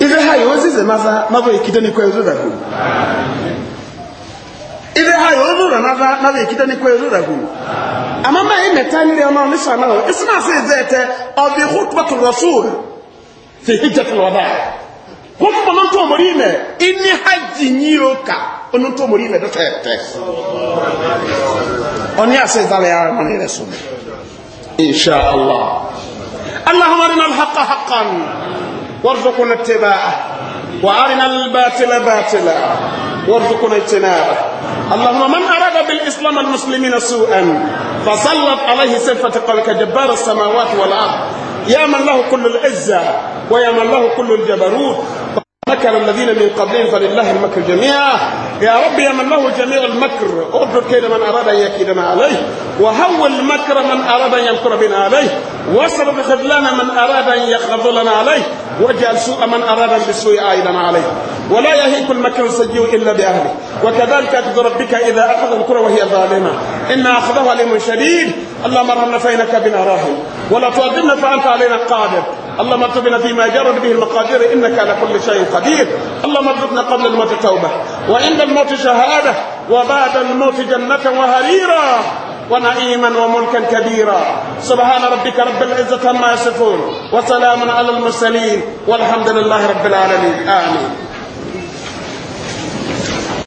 ile hayo ozize maza mabo ikidani kwa yozo dagu ile hayo ozo maza mabo ikidani kwa yozo dagu amama ime tanile ona onisha nao isina sizete obi khutbatu rasul fi hijjatul wadaa kuma non to mori me inni haji nyiyo ka non to mori me do tete oni ase dale ya mani rasul insha allah اللهم ارنا الحق حقا وارزقنا اتباعه وارنا الباطل باطلا وارزقنا اجتنابه اللهم من اراد بالاسلام المسلمين سوءا فسلط عليه سلفه قلك جبار السماوات والارض يا من له كل العزة ويا من له كل الجبروت مكر الذين من قبلهم فلله المكر جميعا يا رب يا من له جميع المكر اردد كيد من اراد ان يكيدنا عليه وهول مكر من اراد ان يمكر بنا عليه واصرف خذلان من أراد أن يخذلنا عليه واجعل سوء من أراد بالسوء عائدا عليه ولا يهيك المكر السجيو إلا بأهله وكذلك أخذ ربك إذا أخذ الكرة وهي ظالمة إن أخذها أليم شديد اللهم ارحمنا فإنك بنا راهم ولا تعذبنا فأنت علينا قادر اللهم ارزقنا فيما جرد به المقادير إنك على كل شيء قدير اللهم ارزقنا قبل الموت توبة وعند الموت شهادة وبعد الموت جنة وهريرا ونعيما وملكا كبيرا سبحان ربك رب العزة عما يصفون وسلام على المرسلين والحمد لله رب العالمين آمين